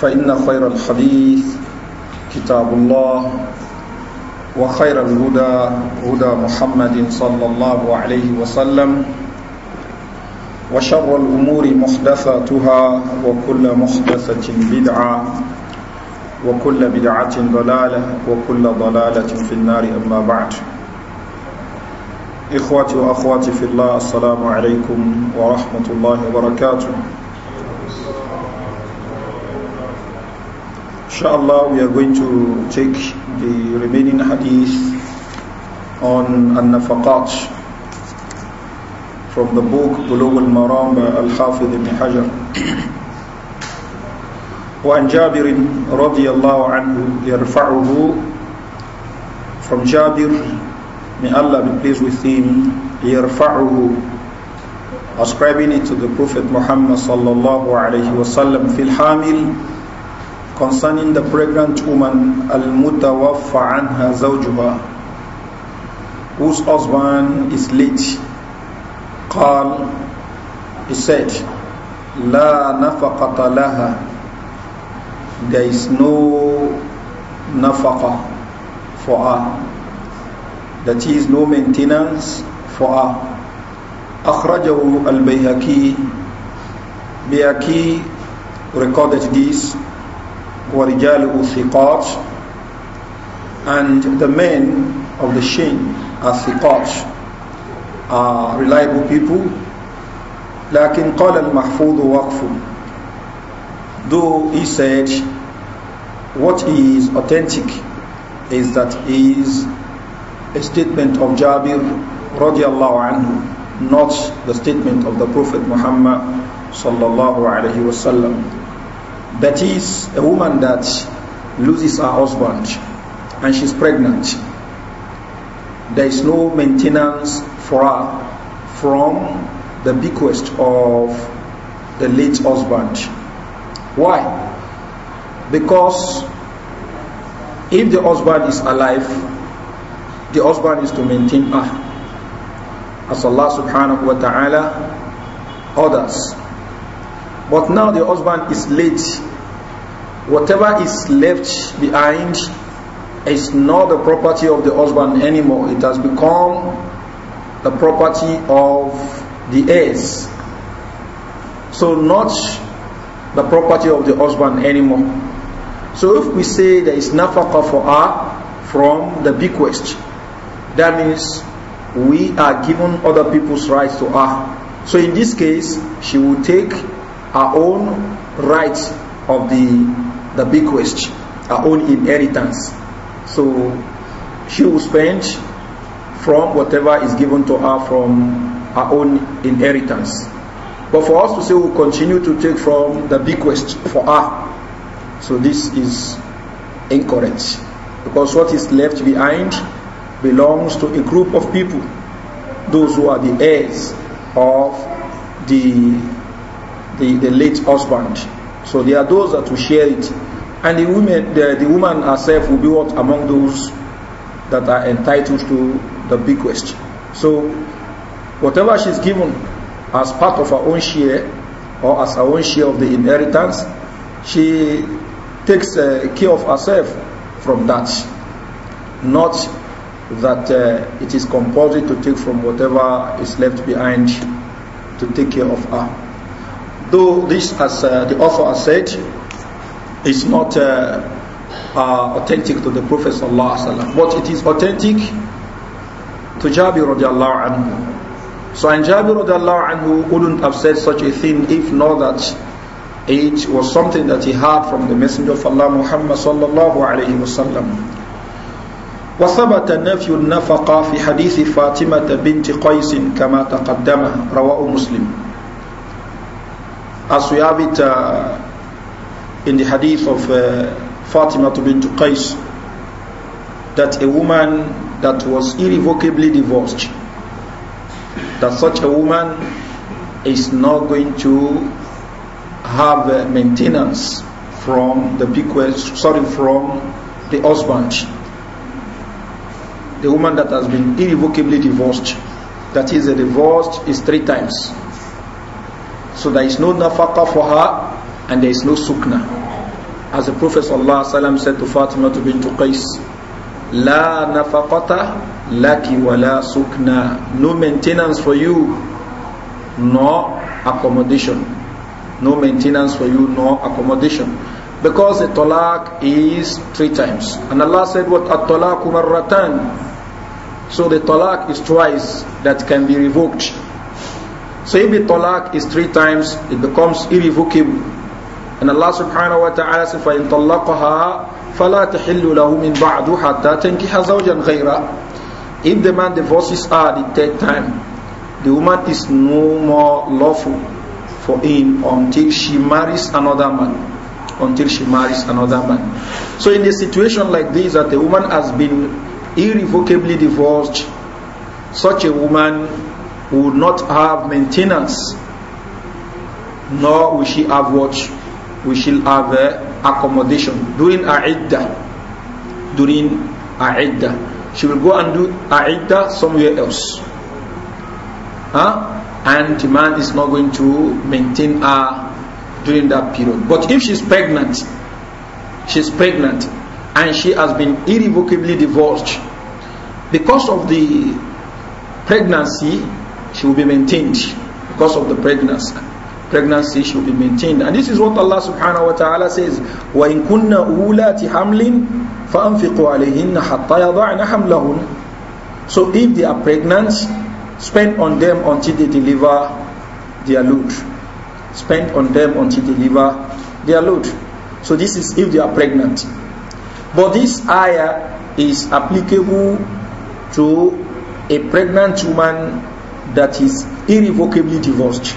فإن خير الحديث كتاب الله وخير الهدى هدى محمد صلى الله عليه وسلم وشر الأمور محدثاتها وكل محدثة بدعة وكل بدعة ضلالة وكل ضلالة في النار أما بعد إخواتي وأخواتي في الله السلام عليكم ورحمة الله وبركاته Inshallah, we are going to take the remaining hadith on An-Nafaqat from the book Bulugh al-Maram by Al-Hafidh ibn Hajar. وعن جابر رضي الله عنه يرفعه from Jabir may Allah be pleased with him يرفعه ascribing it to the Prophet Muhammad صلى الله عليه وسلم في الحامل concerning the pregnant woman al-mutawaffa anha zawjuha whose husband is late قال he said لا نفقة لها there is no nafaqa for her that is no maintenance for her أخرجه البيهقي بيهقي recorded this وَرِجَالُهُ ثِقَاتٌ And the men of the shin are ثِقَاتٌ are reliable people لكن قال المحفوظ وقف Though he said what is authentic is that is a statement of Jabir radiallahu anhu not the statement of the Prophet Muhammad sallallahu alayhi wasallam. That is a woman that loses her husband and she's pregnant. There is no maintenance for her from the bequest of the late husband. Why? Because if the husband is alive, the husband is to maintain her. As Allah subhanahu wa ta'ala orders. But now the husband is late whatever is left behind is not the property of the husband anymore. It has become the property of the heirs. So not the property of the husband anymore. So if we say there is nafaqah for her from the bequest, that means we are given other people's rights to her. So in this case, she will take her own rights of the the bequest, our own inheritance. So she will spend from whatever is given to her from her own inheritance. But for us to say we'll continue to take from the bequest for her, so this is incorrect. Because what is left behind belongs to a group of people, those who are the heirs of the, the, the late husband. So they are those that will share it and the woman, the, the woman herself will be what among those that are entitled to the bequest. So whatever she's given as part of her own share or as her own share of the inheritance, she takes uh, care of herself from that. Not that uh, it is compulsory to take from whatever is left behind to take care of her. Though this, as uh, the author has said, is not uh, uh, authentic to the Prophet but it is authentic to Jabir radiallahu anhu. So and Jabir radiallahu anhu wouldn't have said such a thing if not that it was something that he heard from the Messenger of Allah Muhammad sallallahu alayhi wasallam. وثبت نفي النفقة في حديث فاطمة بنت قيس كما تقدم رواه مسلم. As we have it uh, in the hadith of uh, Fatima bint Qais that a woman that was irrevocably divorced, that such a woman is not going to have uh, maintenance from the bequest, sorry, from the husband. The woman that has been irrevocably divorced, that is, a uh, divorced is three times. So there is no nafaka for her and there is no sukna. As the Prophet ﷺ said to Fatima to bint Qais, La nafaqata laki wa la sukna. No maintenance for you, nor accommodation. No maintenance for you, nor accommodation. Because the talaq is three times. And Allah said, What at talaqu marratan. So the talaq is twice that can be revoked. So if the talaq is three times, it becomes irrevocable. And Allah subhanahu wa ta'ala says, فَإِن طَلَّقَهَا فَلَا تَحِلُّ لَهُ مِن بَعْدُ حَتَّى تَنْكِحَ زَوْجًا If the man divorces her the third time, the woman is no more lawful for him until she marries another man. Until she marries another man. So in a situation like this that a woman has been irrevocably divorced, such a woman would not have maintenance, nor will she have what? we shall have uh, accommodation during Aida. During A'iddah. She will go and do Aida somewhere else. Huh? And the man is not going to maintain her during that period. But if she's pregnant, she's pregnant and she has been irrevocably divorced, because of the pregnancy, she will be maintained because of the pregnancy pregnancy should be maintained. And this is what Allah subhanahu wa ta'ala says, وَإِن كُنَّ أُولَاتِ حَمْلٍ فَأَنْفِقُوا عَلَيْهِنَّ حَتَّى يَضَعْنَ حَمْلَهُنَ So if they are pregnant, spend on them until they deliver their load. Spend on them until they deliver their load. So this is if they are pregnant. But this ayah is applicable to a pregnant woman that is irrevocably divorced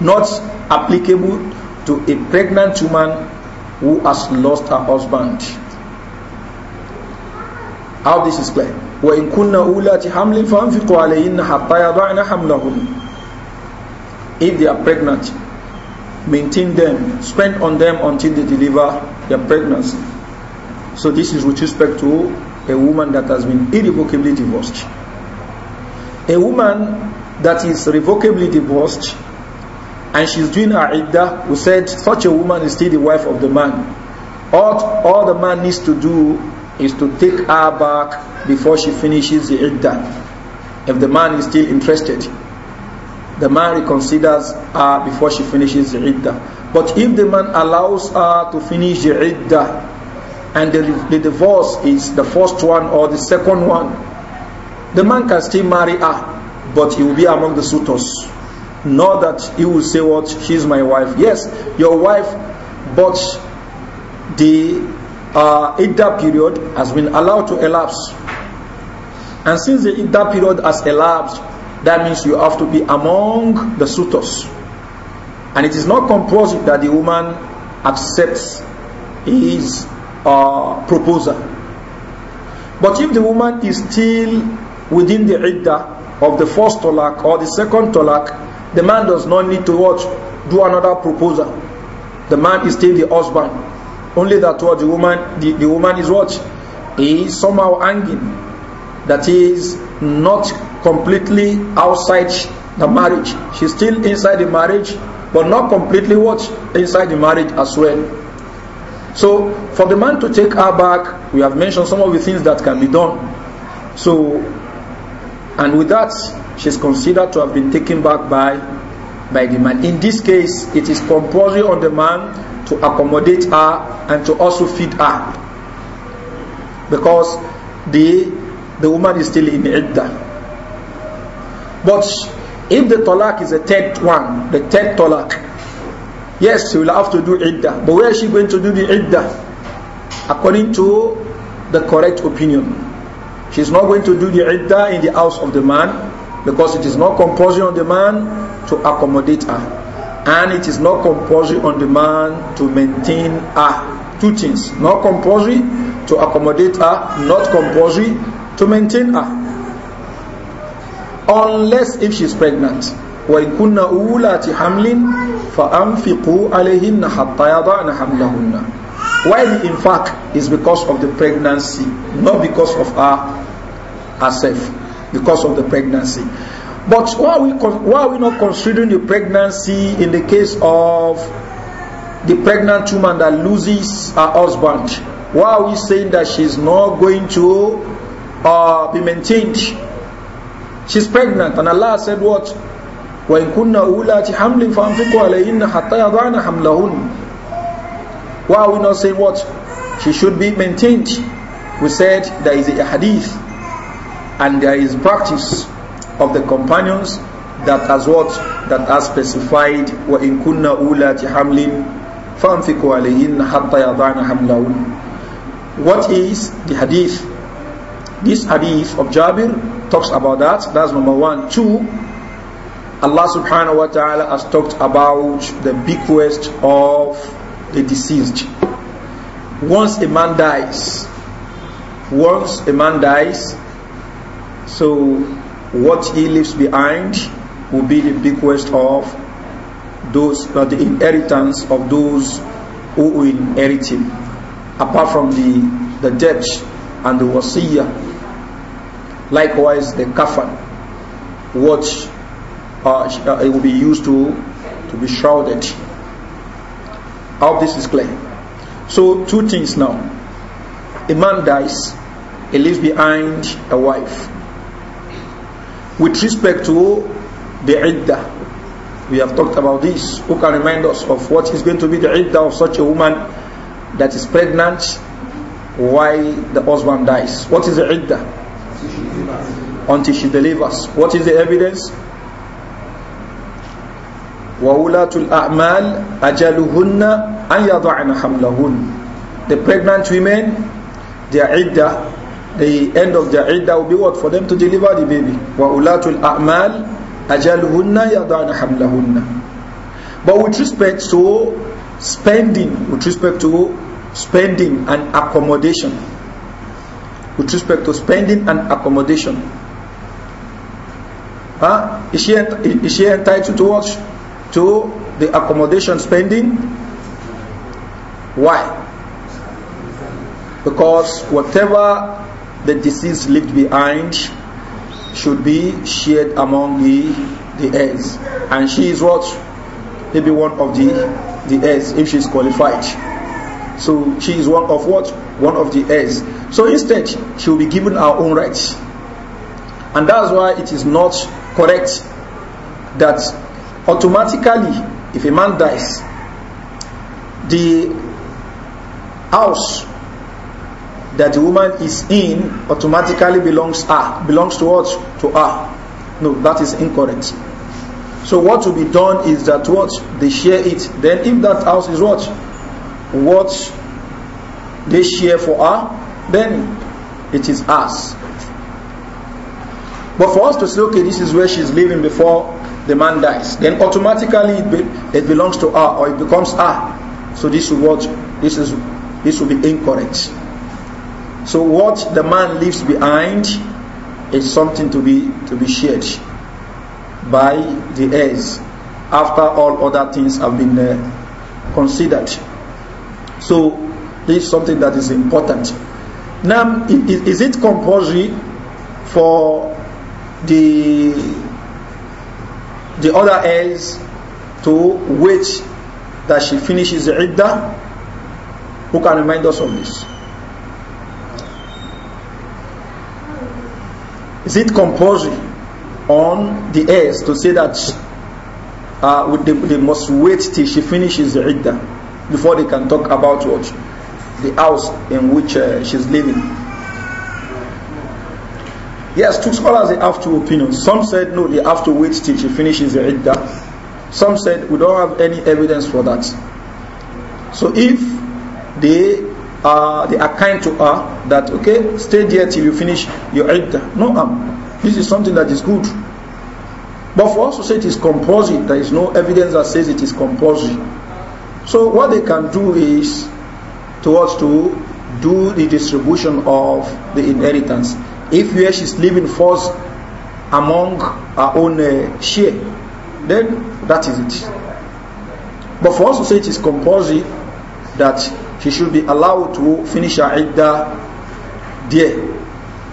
not applicable to a pregnant woman who has lost her husband. How this is clear. وإن كن أولات حمل فأنفقوا عليهن حتى يضعن حملهن. If they are pregnant, maintain them, spend on them until they deliver their pregnancy. So this is with respect to a woman that has been irrevocably divorced. A woman that is revocably divorced and she's doing her idda. we said such a woman is still the wife of the man. All, all the man needs to do is to take her back before she finishes the idda. If the man is still interested, the man reconsiders her before she finishes the idda. But if the man allows her to finish the idda, and the, the divorce is the first one or the second one, the man can still marry her, but he will be among the suitors. Not that you will say, What, she's my wife. Yes, your wife, but the uh, Idda period has been allowed to elapse. And since the Idda period has elapsed, that means you have to be among the suitors. And it is not compulsory that the woman accepts his uh, proposal. But if the woman is still within the idda of the first talak or the second talak, The man does not need to watch, do another proposal. The man is still the husband. Only that what the woman, the, the woman is what? Is somehow hanging. That is not completely outside the marriage. She's still inside the marriage, but not completely what? Inside the marriage as well. So for the man to take her back, we have mentioned some of the things that can be done. So, and with that, she's considered to have been taken back by by the man. In this case, it is compulsory on the man to accommodate her and to also feed her. Because the the woman is still in idda. But if the talak is a third one, the third talak, yes, she will have to do idda. But where is she going to do the idda? According to the correct opinion, she's not going to do the idda in the house of the man because it is not compulsory on the man to accommodate her and it is not compulsory on the man to maintain her two things not compulsory to accommodate her not compulsory to maintain her unless if she is pregnant وَإِنْكُنَّ أُولَاتِ حَمْلٍ فَأَنْفِقُوا عَلَيْهِنَّ حَتَّى يَضَعْنَ حَمْلَهُنَّ why the infarct is because of the pregnancy, not because of her herself. because of the pregnancy. But why are we, why are we not considering the pregnancy in the case of the pregnant woman that loses her husband? Why are we saying that she's not going to uh, be maintained? She's pregnant, and Allah said what? وإن كن أولات حمل فأنفقوا عليهن حتى يضعن حملهن Why are we not saying what? She should be maintained. We said there is a hadith and there is practice of the companions that has what that has specified were in kunna ulati hamlin fanfiku alayhin hatta yadana what is the hadith this hadith of Jabir talks about that that's number 1 two Allah subhanahu wa ta'ala has talked about the bequest of the deceased once a man dies once a man dies so what he leaves behind will be the bequest of those, uh, the inheritance of those who will inherit him, apart from the, the debt and the wasiyah. Likewise, the kafan, what uh, uh, it will be used to, to be shrouded. All this is clear. So, two things now. A man dies, he leaves behind a wife. With respect to the iddah, we have talked about this. Who can remind us of what is going to be the iddah of such a woman that is pregnant Why the husband dies? What is the iddah? Until she delivers. What is the evidence? وَأُولَاتُ الْأَعْمَالِ أَجَلُهُنَّ أَنْ يَضَعْنَ حَمْلَهُنَّ The pregnant women, their iddah the end of the Eid that will be what? For them to deliver the baby. وَأُولَاتُ الْأَعْمَالِ أَجَلْهُنَّ يَضَعْنَ حَمْلَهُنَّ But with respect to spending, with respect to spending and accommodation, with respect to spending and accommodation, huh? is, she, is she entitled to watch To the accommodation spending? Why? Because whatever the deceased left behind should be shared among the, the heirs. And she is what? Maybe one of the, the heirs if she is qualified. So she is one of what? One of the heirs. So instead, she will be given her own rights. And that's why it is not correct that automatically, if a man dies, the house that the woman is in automatically belongs her, belongs to what? To her. No, that is incorrect. So what to be done is that what they share it. Then if that house is what? What they share for her, then it is us. But for us to say, okay, this is where she's living before the man dies, then automatically it, be, it belongs to her or it becomes her. So this is what this is this will be incorrect. So what the man leaves behind is something to be to be shared by the heirs after all other things have been uh, considered. So this is something that is important. Now, is, is it compulsory for the the other heirs to wait that she finishes the iddah? Who can remind us of this? Is it compulsory on the heirs to say that uh, they, they, must wait till she finishes the iddah before they can talk about what the house in which uh, she's living? Yes, two scholars they have two opinions. Some said no, they have to wait till she finishes the iddah. Some said we don't have any evidence for that. So if they uh, they are kind to her that, okay, stay there till you finish your iddah. No This is something that is good. But for us to say it is compulsory, there is no evidence that says it is compulsory. So what they can do is towards to do the distribution of the inheritance. If where she's living falls among her own uh, share, then that is it. But for us to say it is compulsory that she should be allowed to finish her idda there.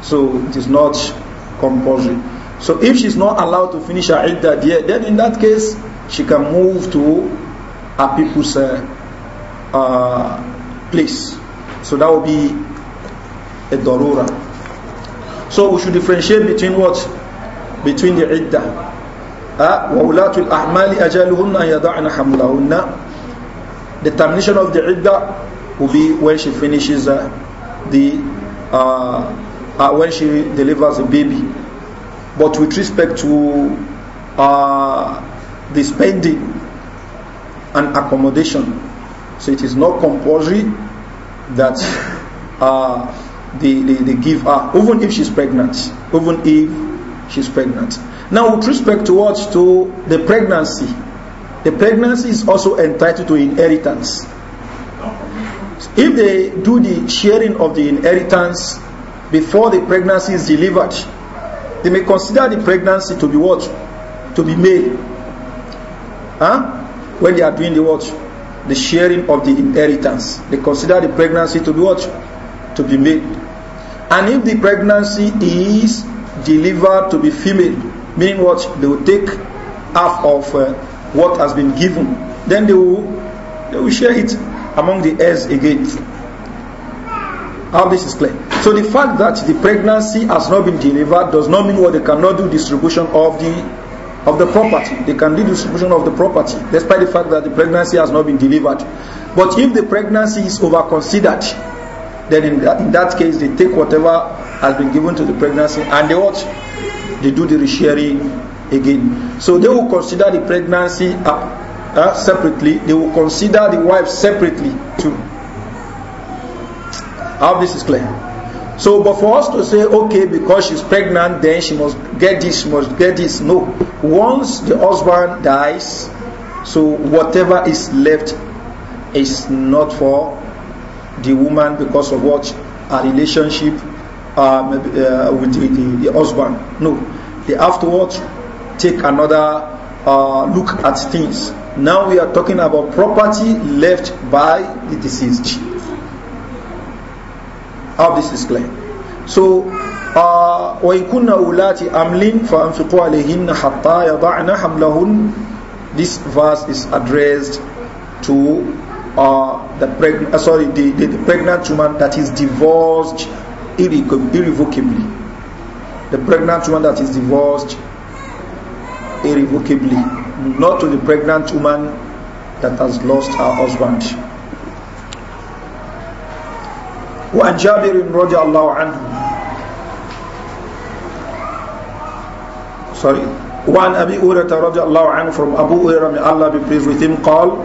So it is not compulsory. So if she is not allowed to finish her idda there, then in that case, she can move to her people's uh, uh, place. So that would be a darura. So we should differentiate between what? Between the iddah. وَوْلَاتُ الْأَحْمَالِ أَجَالُهُنَّ يَضَعْنَ حَمْلَهُنَّ The termination of the idda. will be when she finishes uh, the uh, uh when she delivers a baby. But with respect to uh, the spending and accommodation, so it is not compulsory that uh, they, they, they give her, even if she's pregnant, even if she's pregnant. Now, with respect towards to the pregnancy, the pregnancy is also entitled to inheritance if they do the sharing of the inheritance before the pregnancy is delivered, they may consider the pregnancy to be what? To be male. Huh? When they are doing the what? The sharing of the inheritance. They consider the pregnancy to be what? To be male. And if the pregnancy is delivered to be female, meaning what? They will take half of uh, what has been given. Then they will, they will share it among the heirs again. All this is clear. So the fact that the pregnancy has not been delivered does not mean what they cannot do distribution of the of the property. They can do distribution of the property despite the fact that the pregnancy has not been delivered. But if the pregnancy is over considered, then in that, in that case they take whatever has been given to the pregnancy and they what? They do the resharing again. So they will consider the pregnancy uh, uh, separately, they will consider the wife separately too. How this is clear. So, but for us to say, okay, because she's pregnant, then she must get this, she must get this. No. Once the husband dies, so whatever is left is not for the woman because of what her relationship uh, uh with the, the, the, husband. No, they afterwards take another uh, look at things. Now we are talking about property left by the deceased. How this is clear. So, وَإِكُنَّ أُولَاتِ أَمْلٍ فَأَنْفِقُوا عَلَيْهِنَّ حَتَّى يَضَعْنَ حَمْلَهُنْ This verse is addressed to uh, the, preg- uh, sorry, the, the, the pregnant woman that is divorced irre- irrevocably. The pregnant woman that is divorced irrevocably not to the pregnant woman that has lost her husband. وعن جابر رضي الله عنه sorry وعن أبي هريرة رضي الله عنه from Abu Hurairah may Allah be pleased with him قال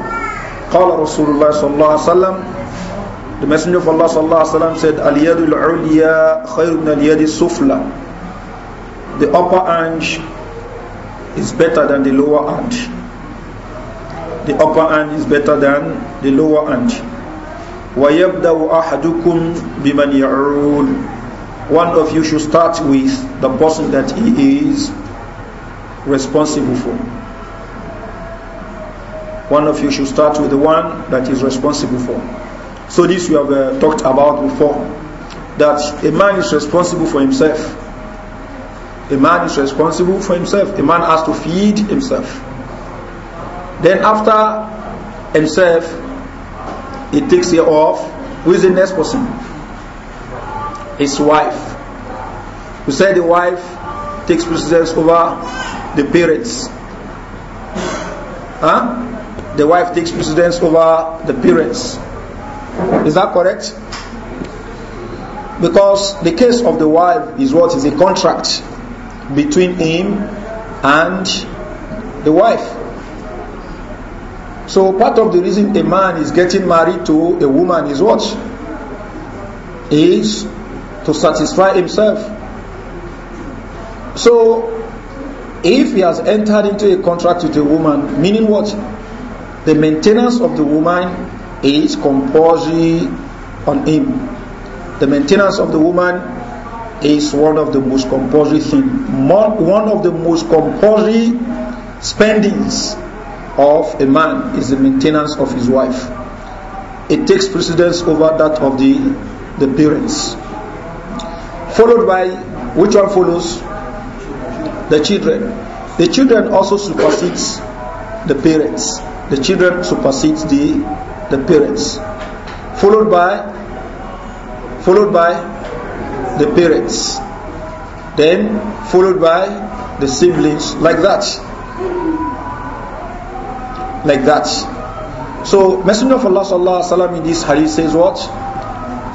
قال رسول الله صلى الله عليه وسلم the messenger of Allah صلى الله عليه وسلم said اليد العليا خير من اليد السفلى the upper hand is better than the lower hand. The upper hand is better than the lower hand. وَيَبْدَأُ أَحَدُكُمْ بِمَنْ يَعُولُ One of you should start with the person that he is responsible for. One of you should start with the one that is responsible for. So this we have uh, talked about before, that a man is responsible for himself. A man is responsible for himself. A man has to feed himself. Then after himself, he takes care of who is the next person? His wife. We said the wife takes precedence over the parents. Huh? The wife takes precedence over the parents. Is that correct? Because the case of the wife is what is a contract between him and the wife. So part of the reason a man is getting married to a woman is what? Is to satisfy himself. So if he has entered into a contract with a woman, meaning what? The maintenance of the woman is compulsory on him. The maintenance of the woman is one of the most compulsory thing, one of the most compulsory spendings of a man is the maintenance of his wife. It takes precedence over that of the the parents. Followed by which one follows? The children. The children also supersedes the parents. The children supersedes the the parents. Followed by followed by the parents, then followed by the siblings, like that. Like that. So, Messenger of Allah sallallahu alaihi wasallam in this hadith says what?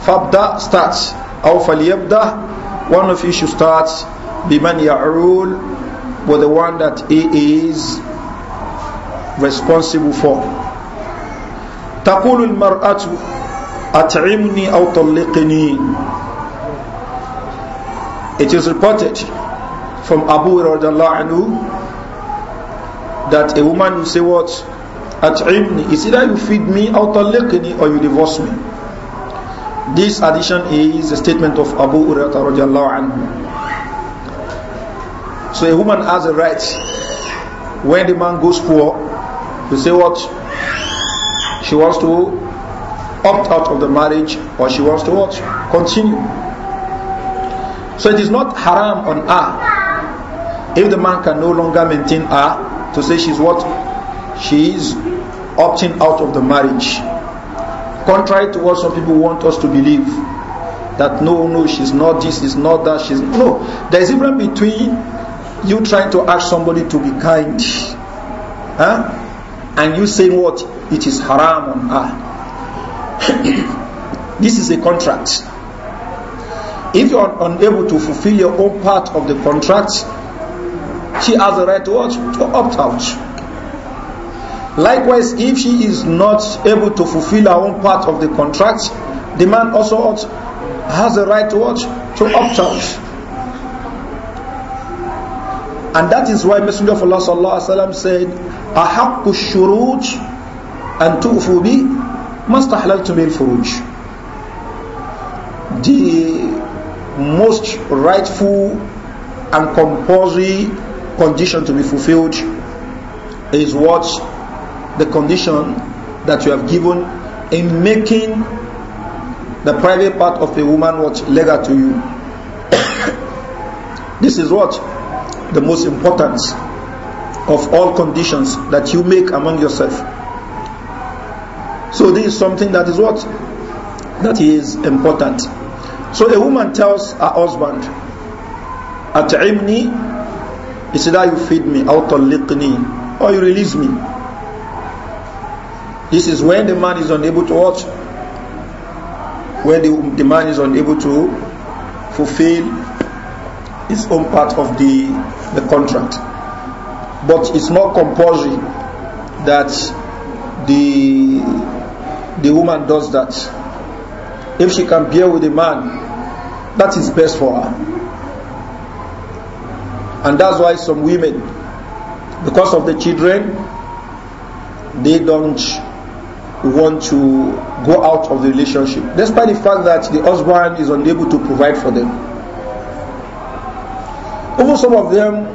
Fabda starts. Aw falyabda. One of you should start. Biman ya'ul. With the one that he is responsible for. تقول المرأة أطعمني أو طلقني it is reported from Abu anhu that a woman will say what? At'imni. It's either you feed me, or taliqni, or you divorce me. This addition is a statement of Abu Hurairah anhu. So a woman has a right when the man goes poor to say what she wants to opt out of the marriage or she wants to what continue so it is not haram on her. If the man can no longer maintain her, to say she's what? She is opting out of the marriage. Contrary to what some people want us to believe, that no, no, she's not this, she's not that, she's no. There is a difference between you trying to ask somebody to be kind, huh? and you saying what it is haram on her. this is a contract. If you are unable to fulfill your own part of the contract, she has the right to, to opt out. Likewise, if she is not able to fulfill her own part of the contract, the man also ought, has the right to, to opt out. And that is why Messenger of Allah sallallahu said, "أحق الشروط أن تؤفوا بي ما استحللتم The most rightful and compulsory condition to be fulfilled is what the condition that you have given in making the private part of a woman what legal to you. this is what the most important of all conditions that you make among yourself. So this is something that is what that is important. So a woman tells her husband, At'imni, it's either you feed me, out talliqni, or you release me. This is when the man is unable to watch, when the, the man is unable to fulfill his own part of the, the contract. But it's not compulsory that the the woman does that. If she can bear with a man, that is best for her. And that's why some women, because of the children, they don't want to go out of the relationship, despite the fact that the husband is unable to provide for them. Even some of them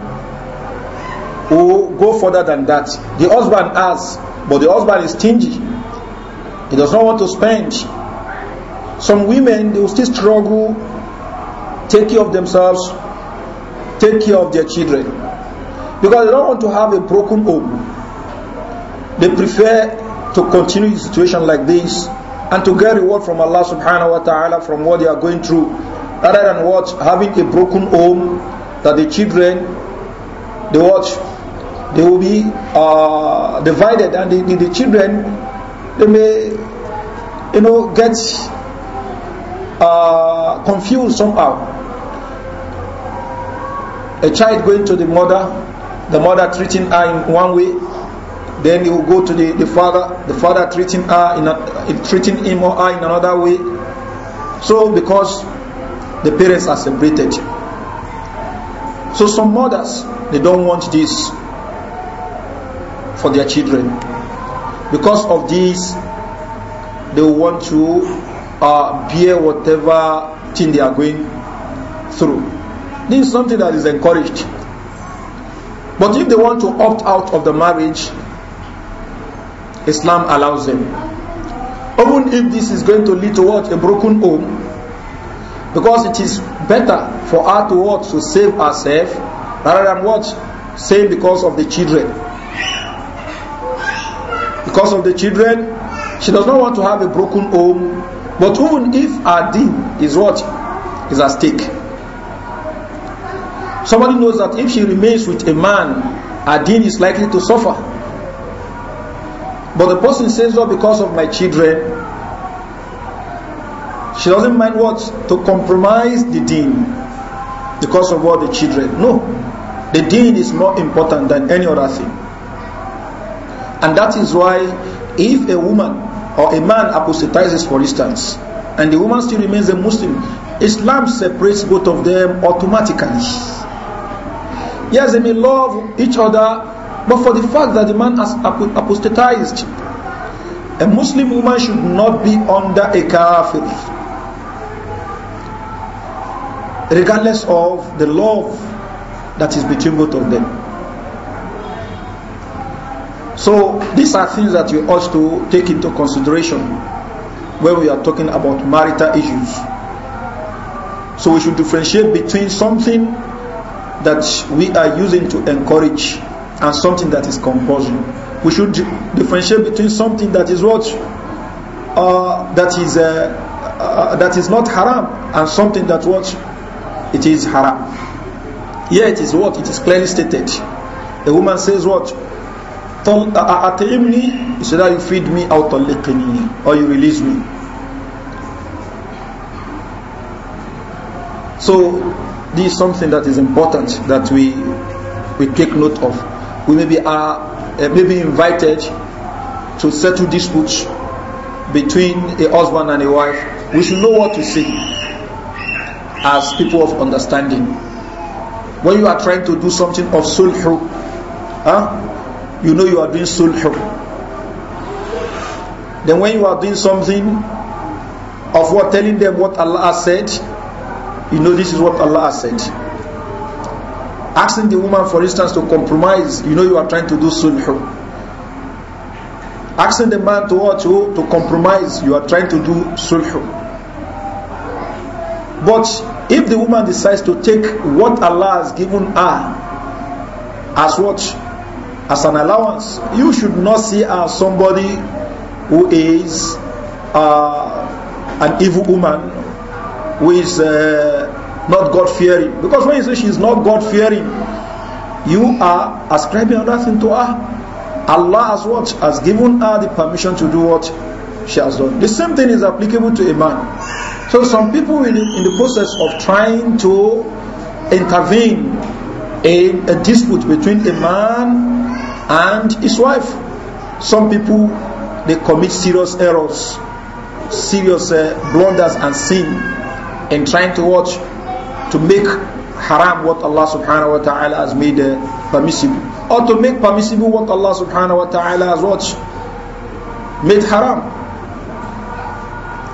who go further than that. The husband asks, but the husband is stingy. He does not want to spend. Some women, they will still struggle, take care of themselves, take care of their children. Because they don't want to have a broken home. They prefer to continue the situation like this and to get reward from Allah subhanahu wa ta'ala from what they are going through rather than what having a broken home that the children they watch they will be uh, divided and the, the, the, children they may you know get uh, confused somehow. A child going to the mother, the mother treating her in one way, then he will go to the, the father, the father treating her in a, treating him or her in another way. So because the parents are separated. So some mothers they don't want this for their children. Because of this, they want to uh, bear whatever thing they are going through. This is something that is encouraged. But if they want to opt out of the marriage, Islam allows them. Even if this is going to lead to what? A broken home. Because it is better for her to what? To save herself rather than what? Save because of the children. Because of the children, she does not want to have a broken home but even if our deen is what is at stake, somebody knows that if she remains with a man, her deen is likely to suffer. But the person says, "Well, because of my children." She doesn't mind what to compromise the deen because of what the children. No, the deen is more important than any other thing, and that is why if a woman or a man apostatizes for instance and the woman still remains a Muslim Islam separates both of them automatically yes they may love each other but for the fact that the man has apostatized a Muslim woman should not be under a kafir regardless of the love that is between both of them so these are things that we ought to take into consideration when we are talking about marital issues. So we should differentiate between something that we are using to encourage and something that is compulsion. We should differentiate between something that is what uh, that is uh, uh, that is not haram and something that what it is haram. Here it is what it is clearly stated. A woman says what At'imni, uh, uh, uh, he said, ah, you feed me, or talliqni, or you release me. So, this is something that is important that we we take note of. We maybe are uh, maybe invited to settle disputes between a husband and a wife. We should know what to say as people of understanding. When you are trying to do something of sulh, huh? you know you are doing sulh. Then when you are doing something of what telling them what Allah has said, you know this is what Allah has said. Asking the woman, for instance, to compromise, you know you are trying to do sulh. Asking the man to what you to compromise, you are trying to do sulh. But if the woman decides to take what Allah has given her as what as an allowance. You should not see as uh, somebody who is uh, an evil woman, who is uh, not God fearing. Because when you say she is not God fearing, you are ascribing another thing to her. Allah has what? Has given her the permission to do what she has done. The same thing is applicable to a man. So some people in, in the process of trying to intervene in a dispute between a man and his wife. Some people they commit serious errors, serious uh, blunders and sin in trying to watch to make haram what Allah subhanahu wa ta'ala has made uh, permissible or to make permissible what Allah subhanahu wa ta'ala has watched made haram.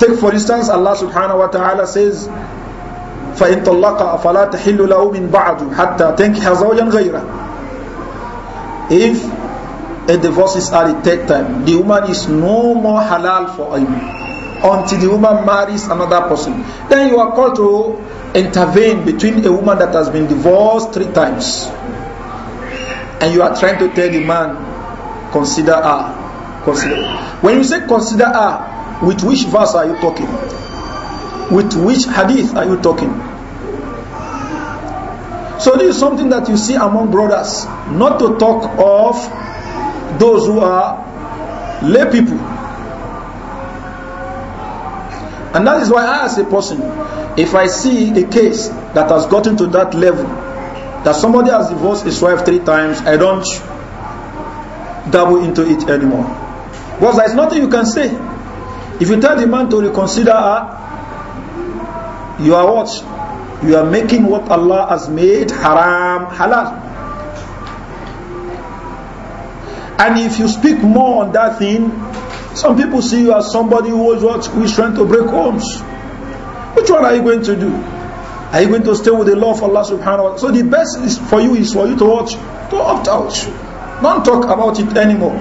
Take for instance Allah subhanahu wa ta'ala says فإن طلق فلا تحل له من بعد حتى تنكح زوجا غيره if a divorce is at the third time, the woman is no more halal for him until the woman marries another person. Then you are called to intervene between a woman that has been divorced three times. And you are trying to tell the man, consider her. Consider. When you say consider her, with which verse are you talking? With which hadith are you talking? So this is something that you see among brothers, not to talk of those who are lay people. And that is why I as a person, if I see a case that has gotten to that level, that somebody has divorced his wife three times, I don't dabble into it anymore. Because there is nothing you can say. If you tell the man to reconsider her, you are what? You are making what Allah has made haram halal. And if you speak more on that thing, some people see you as somebody who is, what, who is trying to break homes. Which one are you going to do? Are you going to stay with the law of Allah subhanahu wa ta'ala? So the best is for you is for you to watch, to opt out. Don't talk about it anymore.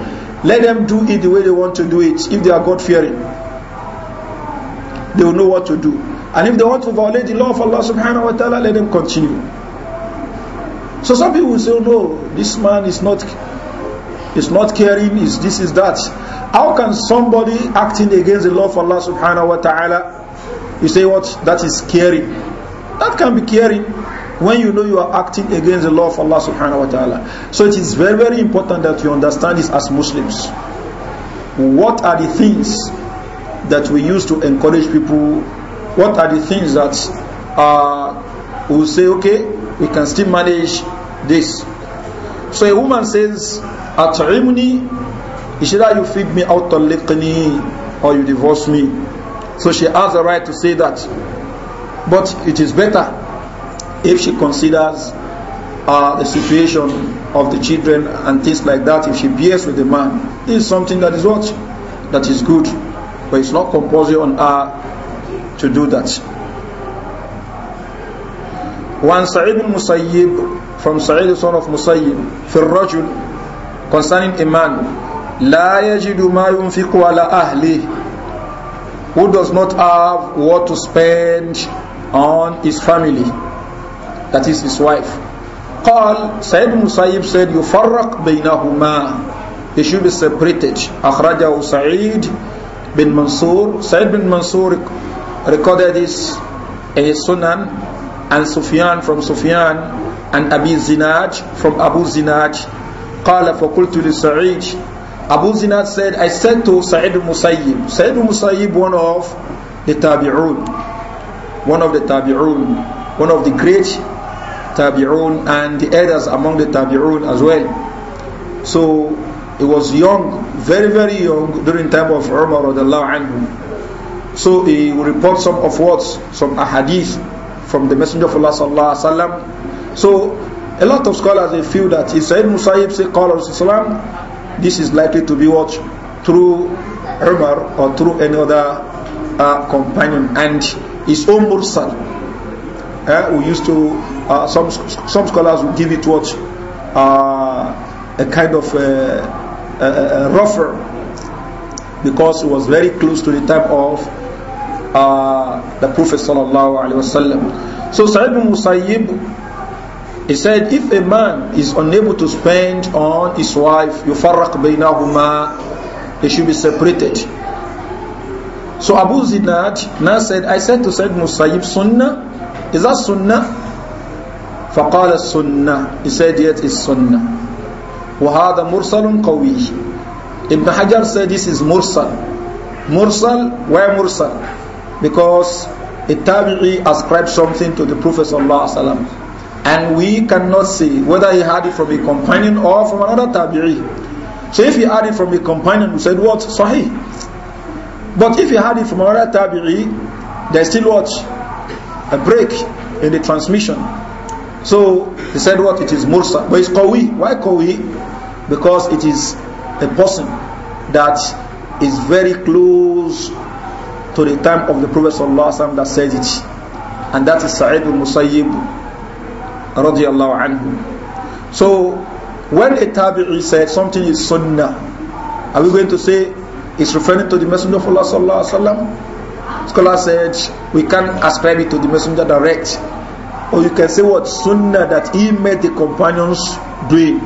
Let them do it the way they want to do it if they are God fearing. They will know what to do. And if they want to violate the law of Allah subhanahu wa ta'ala, let them continue. So some people will say, oh, no, this man is not is not caring, is this, is that. How can somebody acting against the law of Allah subhanahu wa ta'ala, you say what? That is caring. That can be caring when you know you are acting against the law of Allah subhanahu wa ta'ala. So it is very, very important that you understand this as Muslims. What are the things that we use to encourage people what are the things that uh, we will say, okay, we can still manage this. So a woman says, ceremony, is that you feed me out talliqni or you divorce me. So she has the right to say that. But it is better if she considers uh, the situation of the children and things like that, if she bears with the man. This is something that is what? That is good. But it's not compulsory on her to do that. One Sa'id al-Musayyib from Sa'id son of Musayyib for Rajul concerning a man لا يجد ما ينفق على أهله who does not have what to spend on his family that is his wife قال سيد مسيب said يفرق بينهما he should be separated أخرجه سعيد بن منصور سعيد بن منصور recorded this in his Sunan, and Sufyan from Sufyan, and Abi Zinaj from Abu Zinaj. قال فقلت لسعيد Abu Zinad said, I said to Sa'id al-Musayyib, Sa'id one of the Tabi'un, one of the Tabi'un, one of the great Tabi'un and the elders among the Tabi'un as well. So he was young, very, very young during time of Umar radiallahu anhu. So he will report some of words Some ahadith from the Messenger of Allah sallallahu alaihi wasallam. So a lot of scholars they feel that if Sayyid Musayyib say qala Rasulullah this is likely to be what? Through Umar or through any other uh, companion and his own mursal. Uh, eh, we used to, uh, some, some scholars would give it what? Uh, a kind of uh, a, a, a rougher because it was very close to the time of uh, the Prophet sallallahu alaihi wasallam. So Sa'id bin Musayyib, he said, if a man is unable to spend on his wife, يُفَرَّقْ بَيْنَهُمَا They should be separated. So Abu Zinad now said, I said to Sa'id bin Musayyib, sunnah? Is that sunnah? فقال السنة He said, yet is sunnah. وهذا مرسل قوي Ibn Hajar said this is mursal. Mursal, where mursal? because a tabi'i ascribed something to the Prophet and we cannot say whether he had it from a companion or from another tabi'i. So if he had it from a companion, we said what? Sahih. But if he had it from another tabi'i, there's still what? A break in the transmission. So he said what? It is mursa. But it's kawi. Why kawi? Because it is a person that is very close to the time of the Prophet ﷺ that said it. And that is Sa'id al-Musayyib radiallahu anhu. So when a tabi'i said something is sunnah, are we going to say it's referring to the Messenger of Allah sallallahu Scholar said we can't ascribe it to the Messenger direct, or you can say what sunnah that he made the companions doing.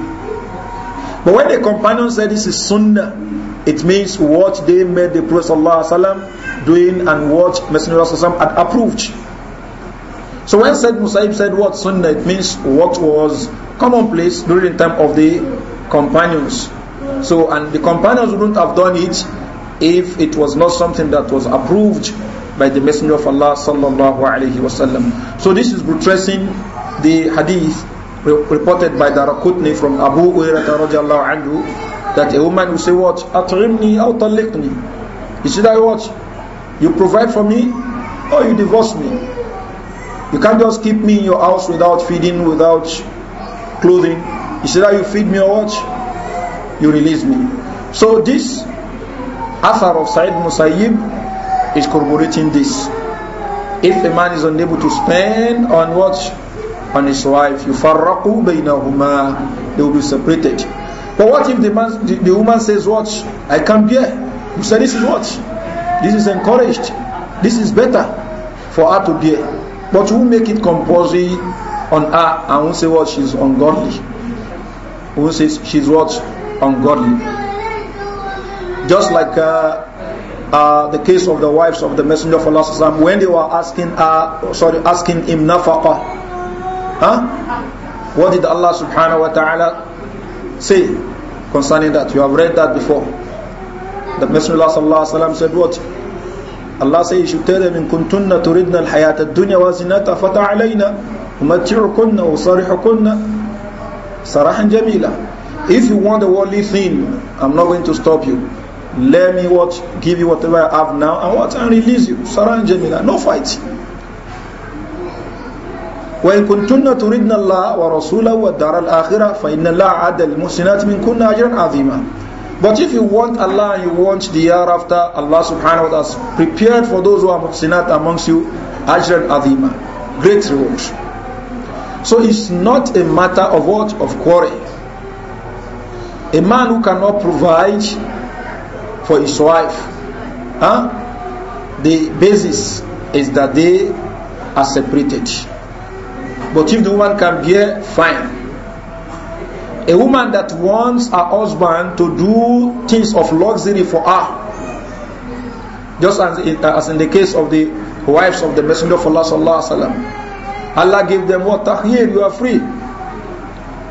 But when the companions said this is sunnah, it means what they made the Prophet sallallahu doing and what Messenger of Allah had approved. So when Said Musaib said what sunnah, it means what was commonplace during the time of the companions. So, and the companions wouldn't have done it if it was not something that was approved by the Messenger of Allah sallallahu alaihi wasallam. So this is retracing the hadith reported by Darakutni from Abu Uwairata radiallahu anhu that a woman will say what? Atrimni aw taliqni. Is that watch. You provide for me or you divorce me. You can't just keep me in your house without feeding, without clothing. You said that you feed me or what? You release me. So this Athar of Said Musayyib is corroborating this. If a man is unable to spend on what? On his wife, you farraku bainahuma, they will be separated. But what if the man, the, the woman says what? I can't bear. You say this is what? This is encouraged. This is better for her to bear. But who make it compulsory on her and who say what she's ungodly? Who says she's what ungodly? Just like uh, uh, the case of the wives of the Messenger of Allah when they were asking uh, sorry asking him nafaqah, huh? What did Allah Subhanahu wa Taala say concerning that? You have read that before. دب Messenger الله صلى الله عليه وسلم Allah الله سي شتر من كنتن تريدن الحياة الدنيا وزنتها فتعالينا ومتعكن وصرحكن صراحا جميلة If you want the worldly thing, I'm not going to stop you. Let me what give you whatever I have now and what and release you. Sarah and Jamila, no fight. وإن كنتن تردن الله ورسوله والدار الآخرة فإن الله عد المحسنات مِنْ كُنَّ أجرا عظيما But if you want Allah and you want the year after Allah subhanahu wa ta'ala has prepared for those who are muhsinat amongst you, ajran adhima, great reward. So it's not a matter of what? Of quarrel. A man who cannot provide for his wife, huh? the basis is that they are separated. But if the woman can bear, fine. A woman that wants her husband to do things of luxury for her, just as in, uh, as in the case of the wives of the Messenger of Allah sallallahu alaihi Allah gave them what tahir, you are free.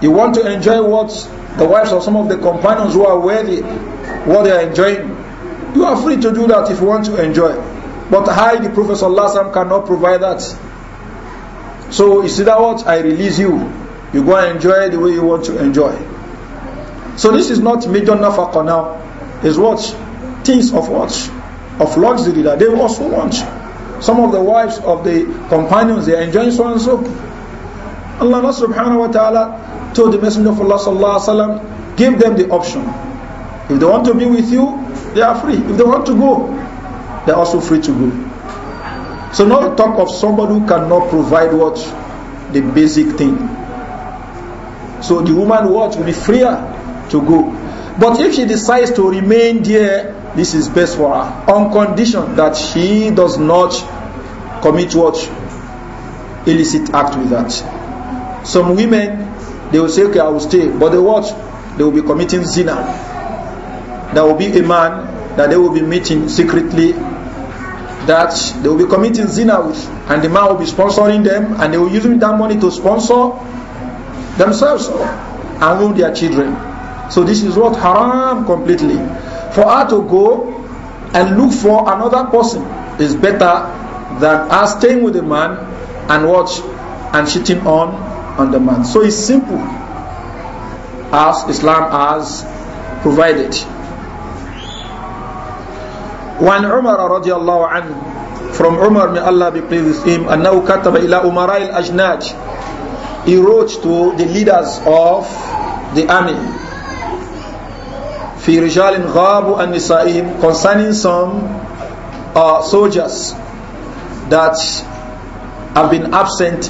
You want to enjoy what the wives of some of the companions who are worthy, what they are enjoying. You are free to do that if you want to enjoy. But I, the Prophet sallallahu cannot provide that. So, is that what I release you? You go and enjoy the way you want to enjoy. So this is not major nafaqah now. It's what? Things of what? Of luxury that they also want. Some of the wives of the companions, they are enjoying so and so. Allah subhanahu wa ta'ala told the Messenger of Allah sallallahu alaihi give them the option. If they want to be with you, they are free. If they want to go, they are also free to go. So not talk of somebody who cannot provide what? The basic thing. So the woman what will be freer to go. But if she decides to remain there, this is best for her on condition that she does not commit what illicit act with that. Some women they will say, okay, I will stay, but they watch, They will be committing zina. There will be a man that they will be meeting secretly that they will be committing zina with, and the man will be sponsoring them, and they will use that money to sponsor themselves and wound their children. So this is what haram completely. For her to go and look for another person is better than her staying with a man and watch and cheating on on the man. So it's simple as Islam has provided. When Umar radiallahu anhu from Umar may Allah be pleased with him أنه كتب إلى أمراء الأجناد he wrote to the leaders of the army في رجال غابوا عن نسائهم concerning some uh, soldiers that have been absent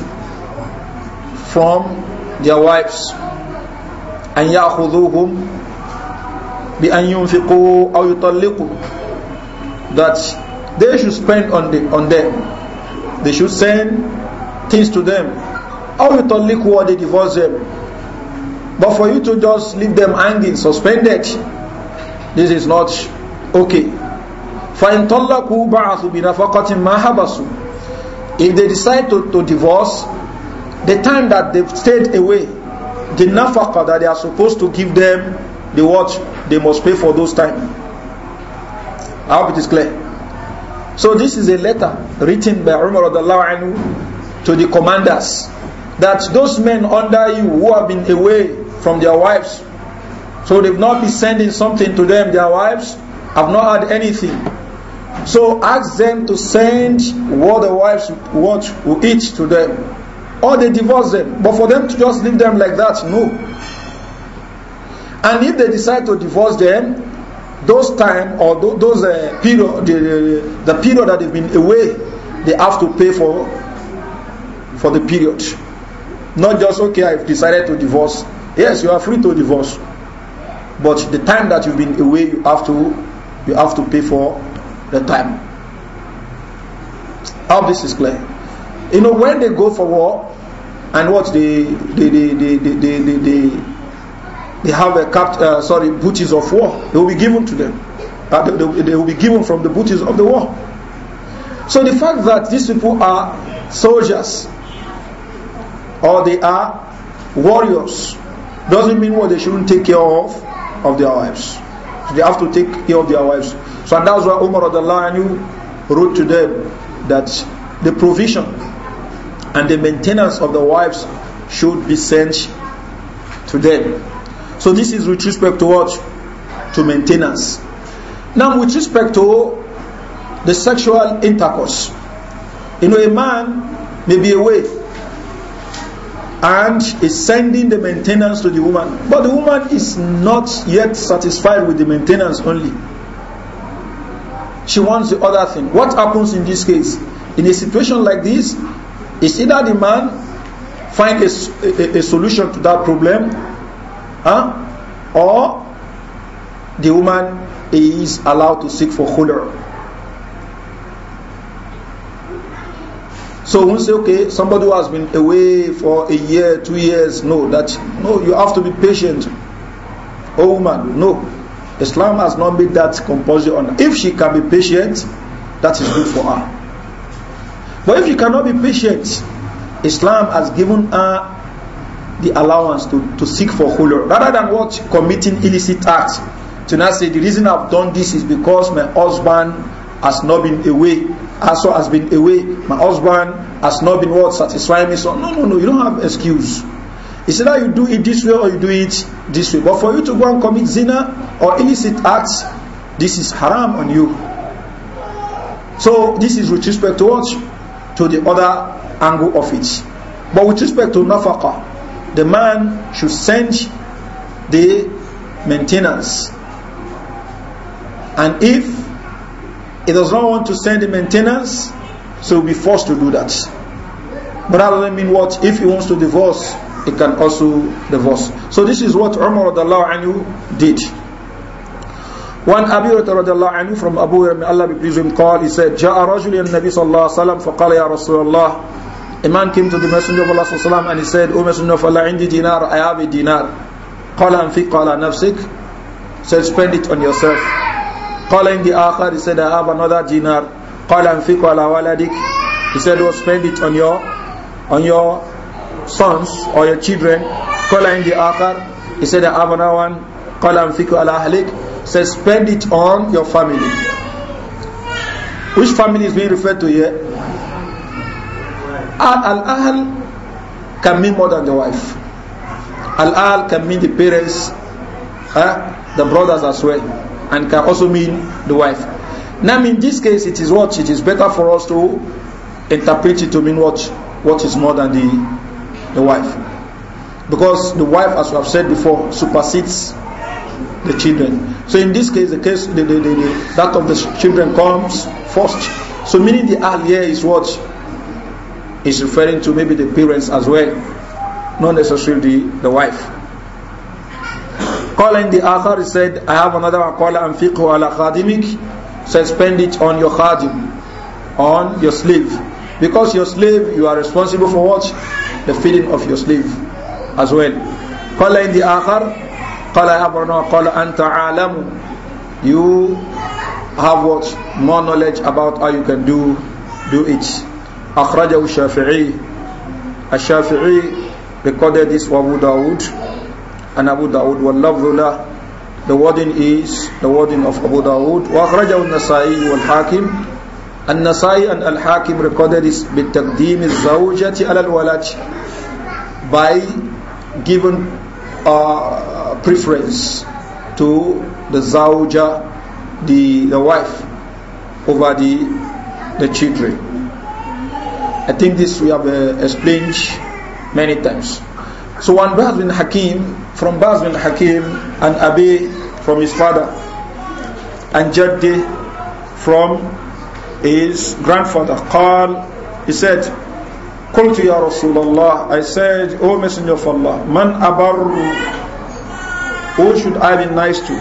from their wives أن يأخذوهم بأن ينفقوا أو يطلقوا that they should spend on, the, on them they should send things to them how you talk or they divorce them? But for you to just leave them hanging, suspended, this is not okay. فَإِنْ طَلَّقُوا بَعَثُوا بِنَفَقَةٍ مَا حَبَسُوا If they decide to, to divorce, the time that they've stayed away, the nafaqah that they are supposed to give them, the what they must pay for those time. I hope it is clear. So this is a letter written by Umar Anu to the commanders that those men under you who have been away from their wives, so they've not been sending something to them, their wives have not had anything. So ask them to send what the wives want to eat to them. Or they divorce them. But for them to just leave them like that, no. And if they decide to divorce them, those time or those uh, period, the, the period that they've been away, they have to pay for for the period. Not just, okay, I've decided to divorce. Yes, you are free to divorce. But the time that you've been away, you have to, you have to pay for the time. All this is clear. You know, when they go for war, and what they, they, they, they, they, they, they, they, have a capt, uh, sorry, booties of war, they will be given to them. Uh, they, they will be given from the booties of the war. So the fact that these people are soldiers, or they are warriors doesn't mean what they shouldn't take care of of their wives. So they have to take care of their wives. So and that's why Umar anhu wrote to them that the provision and the maintenance of the wives should be sent to them. So this is with respect to what? To maintenance. Now with respect to the sexual intercourse. You know a man may be away and is sending the maintenance to the woman. But the woman is not yet satisfied with the maintenance only. She wants the other thing. What happens in this case? In a situation like this, is either the man find a, a, a solution to that problem, huh? or the woman is allowed to seek for khulr. So we say, okay, somebody who has been away for a year, two years, no, that no, you have to be patient. Oh woman, no. Islam has not made that compulsory on her. If she can be patient, that is good for her. But if she cannot be patient, Islam has given her the allowance to, to seek for hulur rather than what committing illicit acts. To not say the reason I've done this is because my husband has not been away Aso has been away. My husband has not been what satisfying me. So no, no, no. You don't have excuse. It's either you do it this way or you do it this way. But for you to go and commit zina or illicit acts, this is haram on you. So this is with respect to what? To the other angle of it. But with respect to nafaqah, the man should send the maintenance. And if He does not want to send the maintenance, so he'll be forced to do that. But that doesn't mean what? If he wants to divorce, he can also divorce. So this is what Umar anhu did. One Abu radiallahu anhu from Abu may Allah be called, he said, جاء رجل النبي صلى الله عليه وسلم فقال يا رسول الله A man came to the Messenger of Allah صلى الله عليه وسلم and he said, O Messenger of Allah, عندي dinar, I have a dinar. قال أنفق على نفسك Said, spend it on yourself. قال in the akhar, he said, I have another dinar. قال أنفق على ولدك. He said, well, spend it on your, on your sons or your children. قال in the akhar, he said, I have another one. قال أنفق على أهلك. He said, spend it on your family. Which family is being referred to here? Al-ahl can mean more than the wife. Al-ahl can mean the parents, huh? Eh, the brothers as well and can also mean the wife. Now, in this case, it is what? It is better for us to interpret it to mean what? What is more than the, the wife. Because the wife, as we have said before, supersedes the children. So in this case, the case the, the, the, the that of the children comes first. So meaning the earlier is what is referring to maybe the parents as well, not necessarily the, the wife. قال in the he said, I have another one, قال أنفقه على خادمك so spend it on your خادم on your slave. Because your slave, you are responsible for what? The feeding of your slave as well. قال in the Athar, Qala abrana, قال أنت عالم you have what? More knowledge about how you can do, do it. أخرجه الشافعي الشافعي recorded this وابو داود and Abu Dawud. Wallabdullah, the wording is the wording of Abu Dawud. Wa وأخرجه النسائي والحاكم النسائي and Al-Hakim recorded this بتقديم الزوجة al الولد by given a uh, preference to the zawja, the, the wife over the the children. I think this we have uh, explained many times. So one brother in Hakim from Baz bin Hakim and Abi from his father and Jaddi from his grandfather قال he said قلت يا رسول الله I said O oh Messenger of Allah من أبر who should I be nice to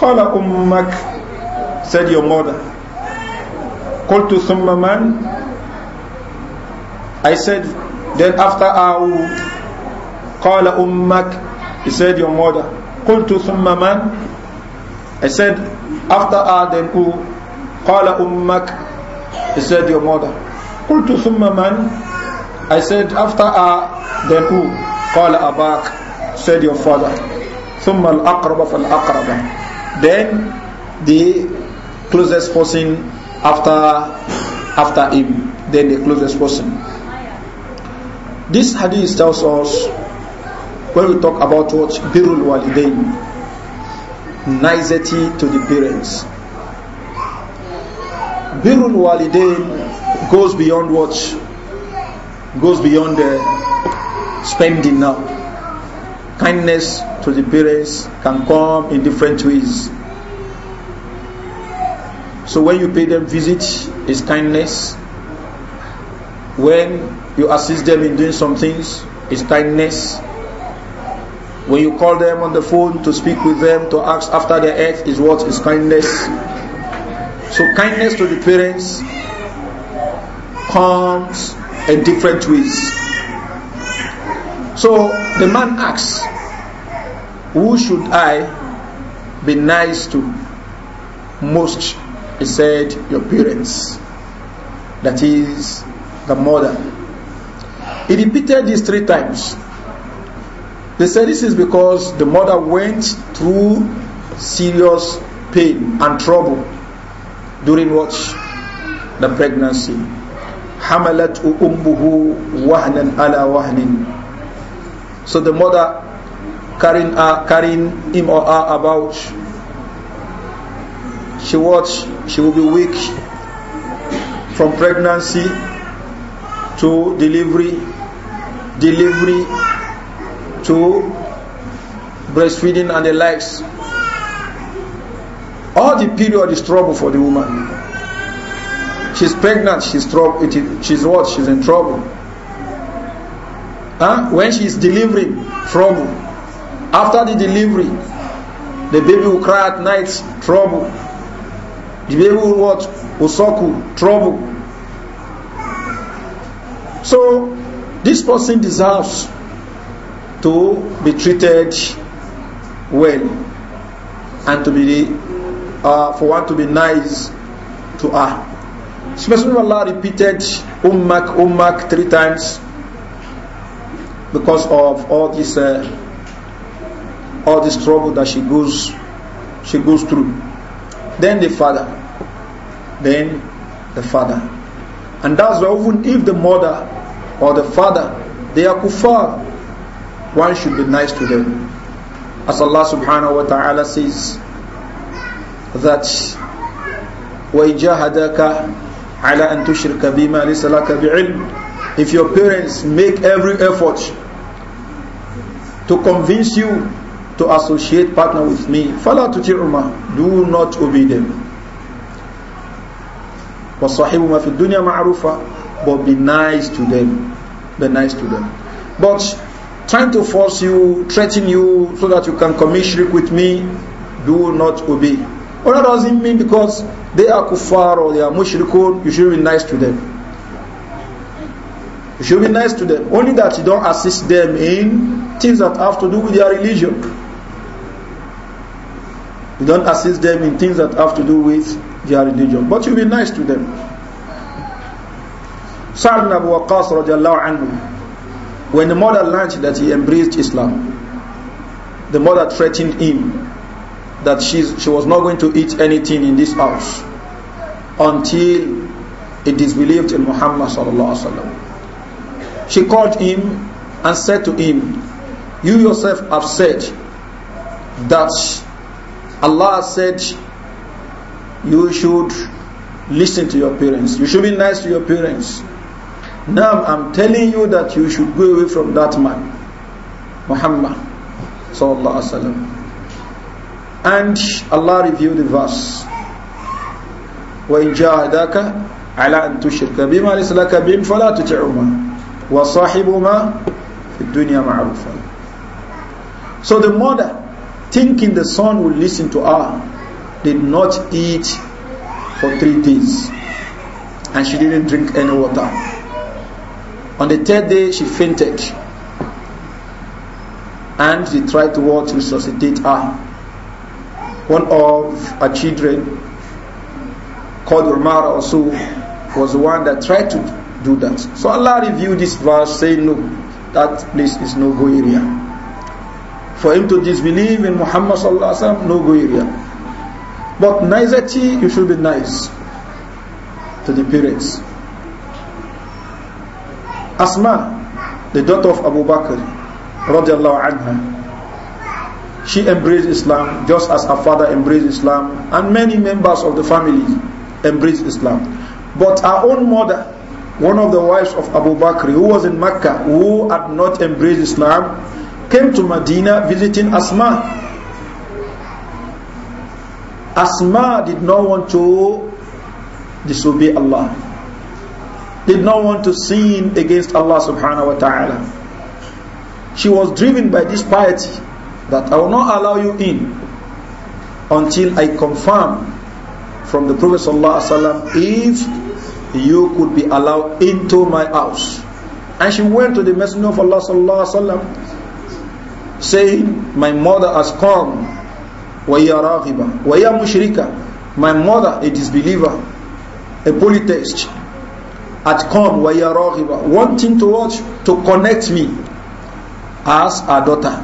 قال أمك said your mother قلت ثم من I said then after أو قال أمك he said, Your mother. Qultu thumma man? I said, After her, then who? Qala ummak. He said, Your mother. Qultu thumma man? I said, After her, then who? Qala abak. Said, Your father. Thumma al-aqraba fal-aqraba. Then the closest person after after him, then the closest person. This hadith tells us when we talk about what birul walidain, nicety to the parents. birul walidain goes beyond what goes beyond the spending now. Kindness to the parents can come in different ways. So when you pay them visit is kindness. When you assist them in doing some things is kindness. When you call them on the phone to speak with them, to ask after their health is what is kindness. So kindness to the parents comes in different ways. So the man asks, who should I be nice to most? He said, your parents. That is the mother. He repeated this three times. They said this is because the mother went through serious pain and trouble during what? The pregnancy. حملت أمه وهنا على وهن. So the mother carrying, carrying him or her about, she watch, she will be weak from pregnancy to delivery, delivery to breastfeeding and the likes. All the period is trouble for the woman. She's pregnant, she's trouble. She's what? She's in trouble. Huh? When she's delivering, trouble. After the delivery, the baby will cry at night, trouble. The baby will what? Will suckle, trouble. So, this person deserves to be treated well and to be uh, for one to be nice to her. She Messenger Allah repeated ummak ummak three times because of all this uh, all this trouble that she goes she goes through. Then the father, then the father, and that's why even if the mother or the father they are kuffar one should be nice to them. As Allah subhanahu wa ta'ala says that وَإِجَاهَدَكَ عَلَىٰ أَن تُشْرِكَ بِمَا لَيْسَ لَكَ بِعِلْمٍ If your parents make every effort to convince you to associate partner with me, فَلَا تُتِعُمَا Do not obey them. وَصَحِبُمَا فِي الدُّنْيَا مَعْرُوفًا But be nice to them. Be nice to them. But trying to force you, threaten you so that you can commit shirk with me, do not obey. Or that doesn't mean because they are kuffar or they are mushrikun, you should be nice to them. You should be nice to them. Only that you don't assist them in things that have to do with their religion. You don't assist them in things that have to do with their religion. But you be nice to them. Sa'd ibn Abu Waqqas radiallahu anhu when the mother learned that he embraced Islam, the mother threatened him that she's, she was not going to eat anything in this house until he disbelieved in Muhammad She called him and said to him, "You yourself have said that Allah said you should listen to your parents. You should be nice to your parents." Now I'm telling you that you should go away from that man, Muhammad sallallahu alaihi wasallam. And Allah revealed the verse. وَإِنْ جَاهَدَاكَ على أن تشرك بما ليس لك به فلا تطعهما وصاحبهما في الدنيا معروفا So the mother thinking the son would listen to her did not eat for three days and she didn't drink any water on the third day, she fainted. And they tried to what resuscitate her. One of her children, called Umar also, was the one that tried to do that. So Allah reviewed this verse saying, No, that place is no go area. For him to disbelieve in Muhammad, no go area. But nicety, you should be nice to the parents. Asma, the daughter of Abu Bakr, radiallahu anha, she embraced Islam just as her father embraced Islam, and many members of the family embraced Islam. But her own mother, one of the wives of Abu Bakr, who was in Mecca, who had not embraced Islam, came to Medina visiting Asma. Asma did not want to disobey Allah did not want to sin against Allah subhanahu wa ta'ala. She was driven by this piety that I will not allow you in until I confirm from the Prophet sallallahu if you could be allowed into my house. And she went to the Messenger of Allah sallallahu saying, my mother has come, وَيَا رَاغِبًا My mother, a disbeliever, a polytheist, had come wanting to watch to connect me as her daughter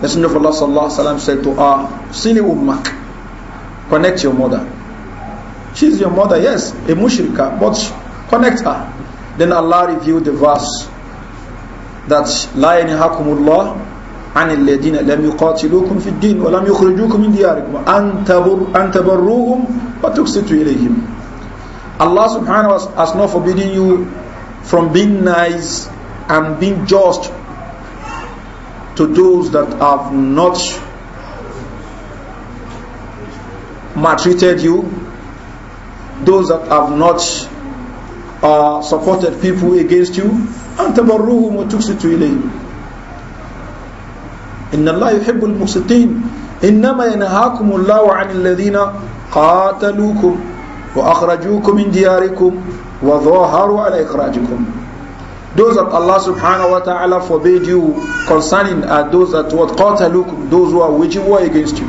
messenger of allah sallallahu alaihi wasallam said to her sili ummak connect your mother she's your mother yes a mushrika but connect her then allah revealed the verse that la yanhakumullah عن الذين لم يقاتلوكم في الدين ولم يخرجوكم من دياركم أن تبروهم وتقسطوا إليهم Allah subhanahu wa ta'ala has not forbidden you from being nice and being just to those that have not maltreated you, those that have not uh, supported people against you, and tabarruhum wa tuksitu إن الله يحب المقسطين إنما ينهاكم الله عن الذين قاتلوكم وأخرجوكم من دياركم وظاهروا على إخراجكم Those that Allah subhanahu wa ta'ala forbade you concerning are those that what qatalukum, those who are waging war against you.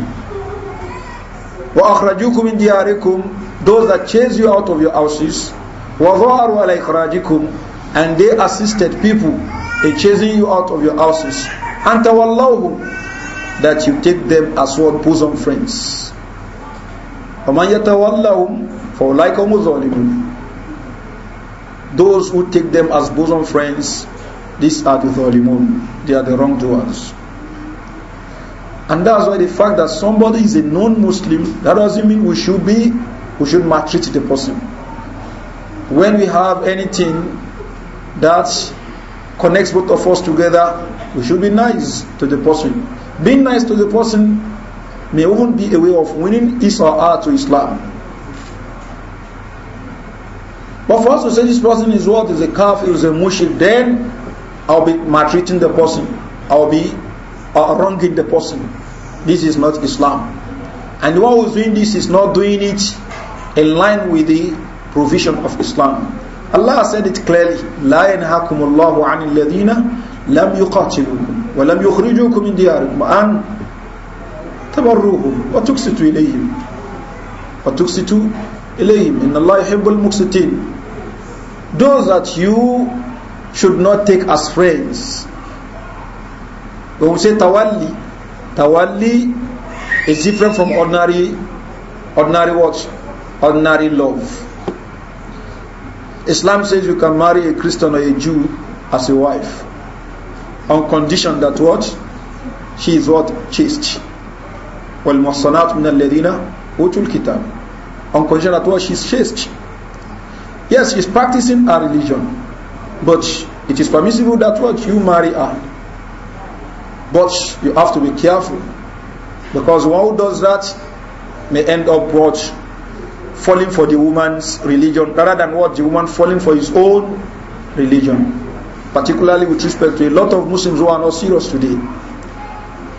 وَأَخْرَجُوكُمْ مِنْ دِيَارِكُمْ Those that chase you out of your houses. وَظَهَرُوا عَلَى إِخْرَاجِكُمْ And they assisted people in chasing you out of your houses. and tawallahu That you take them as one bosom friends. وَمَنْ يَتَوَلَّهُمْ all umm الظَّالِمُونَ Those who take them as bosom friends, these are the zalimun. They are the wrongdoers. And that's why the fact that somebody is a non-Muslim, that doesn't mean we should be, we should maltreat the person. When we have anything that connects both of us together, we should be nice to the person. Being nice to the person may even be a way of winning his or her to Islam. But for us to say this person is what is a calf, is a mushrik, then I'll be maltreating the person. I'll be uh, wronging the person. This is not Islam. And the one who's doing this is not doing it in line with the provision of Islam. Allah said it clearly, لا ينهاكم الله عن الذين لم يقاتلوكم ولم يخرجوكم من دياركم أن تبروهم وتقسطوا إليهم وتقسطوا إليهم إن الله يحب المقسطين those that you should not take as friends. When we say tawalli, tawalli is different from ordinary, ordinary what? Ordinary love. Islam says you can marry a Christian or a Jew as a wife on condition that what? She is what? Chaste. والمحصنات من الذين أوتوا الكتاب on condition that what? She is chaste. Yes, she's practicing her religion, but it is permissible that what you marry her. But you have to be careful because one who does that may end up what falling for the woman's religion rather than what the woman falling for his own religion. Particularly with respect to a lot of Muslims who are not serious today.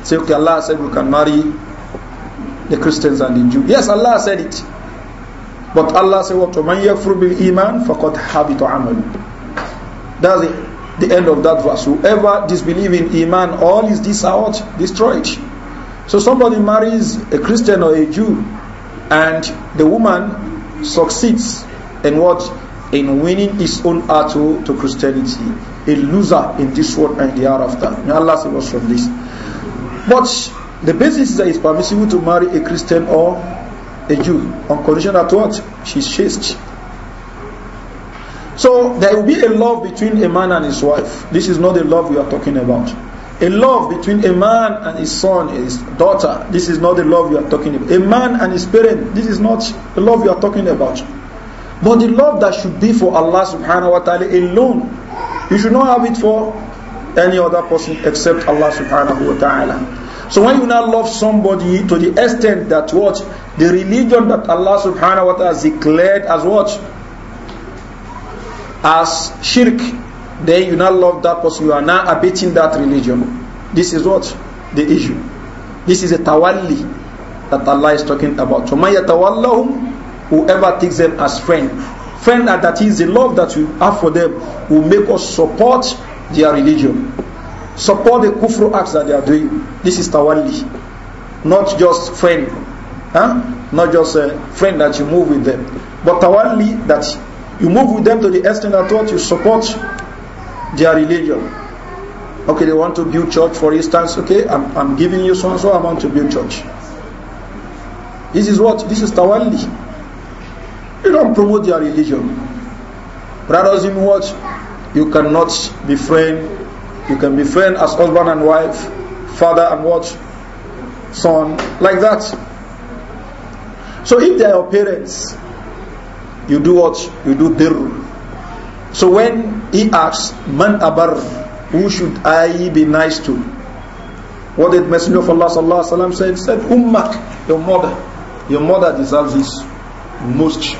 Say, okay, Allah said we can marry the Christians and the Jews. Yes, Allah said it. But Allah said, "What man yakfur bil iman faqad habita amal." That's the, the end of that verse. Whoever disbelieves in iman, all his deeds destroyed. So somebody marries a Christian or a Jew, and the woman succeeds in what in winning his own heart to, to Christianity, a loser in this world and the hereafter. May Allah save us from this. But the basis is that it's permissible to marry a Christian or a Jew on condition that what? She's chaste. So there will be a love between a man and his wife. This is not the love we are talking about. A love between a man and his son, his daughter. This is not the love we are talking about. A man and his parent. This is not the love we are talking about. But the love that should be for Allah subhanahu wa ta'ala alone. You should not have it for any other person except Allah subhanahu wa ta'ala. So when you now love somebody to the extent that what the religion that Allah subhanahu wa ta'ala has declared as what? As shirk, then you now love that person, you are now abating that religion. This is what? The issue. This is a tawalli that Allah is talking about. So whoever takes them as friend. Friend that, that is the love that you have for them will make us support their religion. Support the kufru acts that they are doing. This is tawalli. Not just friend. Huh? Not just a friend that you move with them. But tawalli that you move with them to the extent that what you support their religion. Okay, they want to build church, for instance. Okay, I'm, I'm giving you so and so amount to build church. This is what? This is tawalli. You don't promote your religion. But that doesn't what? You cannot be friend. You can be friend as husband and wife father and what son, like that. So if they are your parents, you do what? You do dir So when he asks, man abar, who should I be nice to? What did Messenger of Allah sallallahu alaihi wasallam said? Said ummak, your mother. Your mother deserves this most.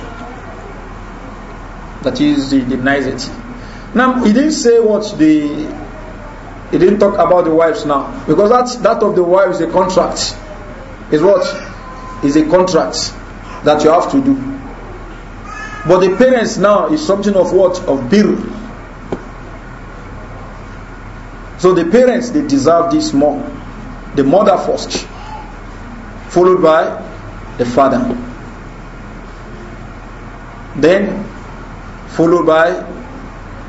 That is the, the nicety. Now he didn't say what the he didn't talk about the wives now. Because that's, that of the wives is a contract. Is what? Is a contract that you have to do. But the parents now is something of what? Of bill. So the parents, they deserve this more. The mother first, followed by the father. Then followed by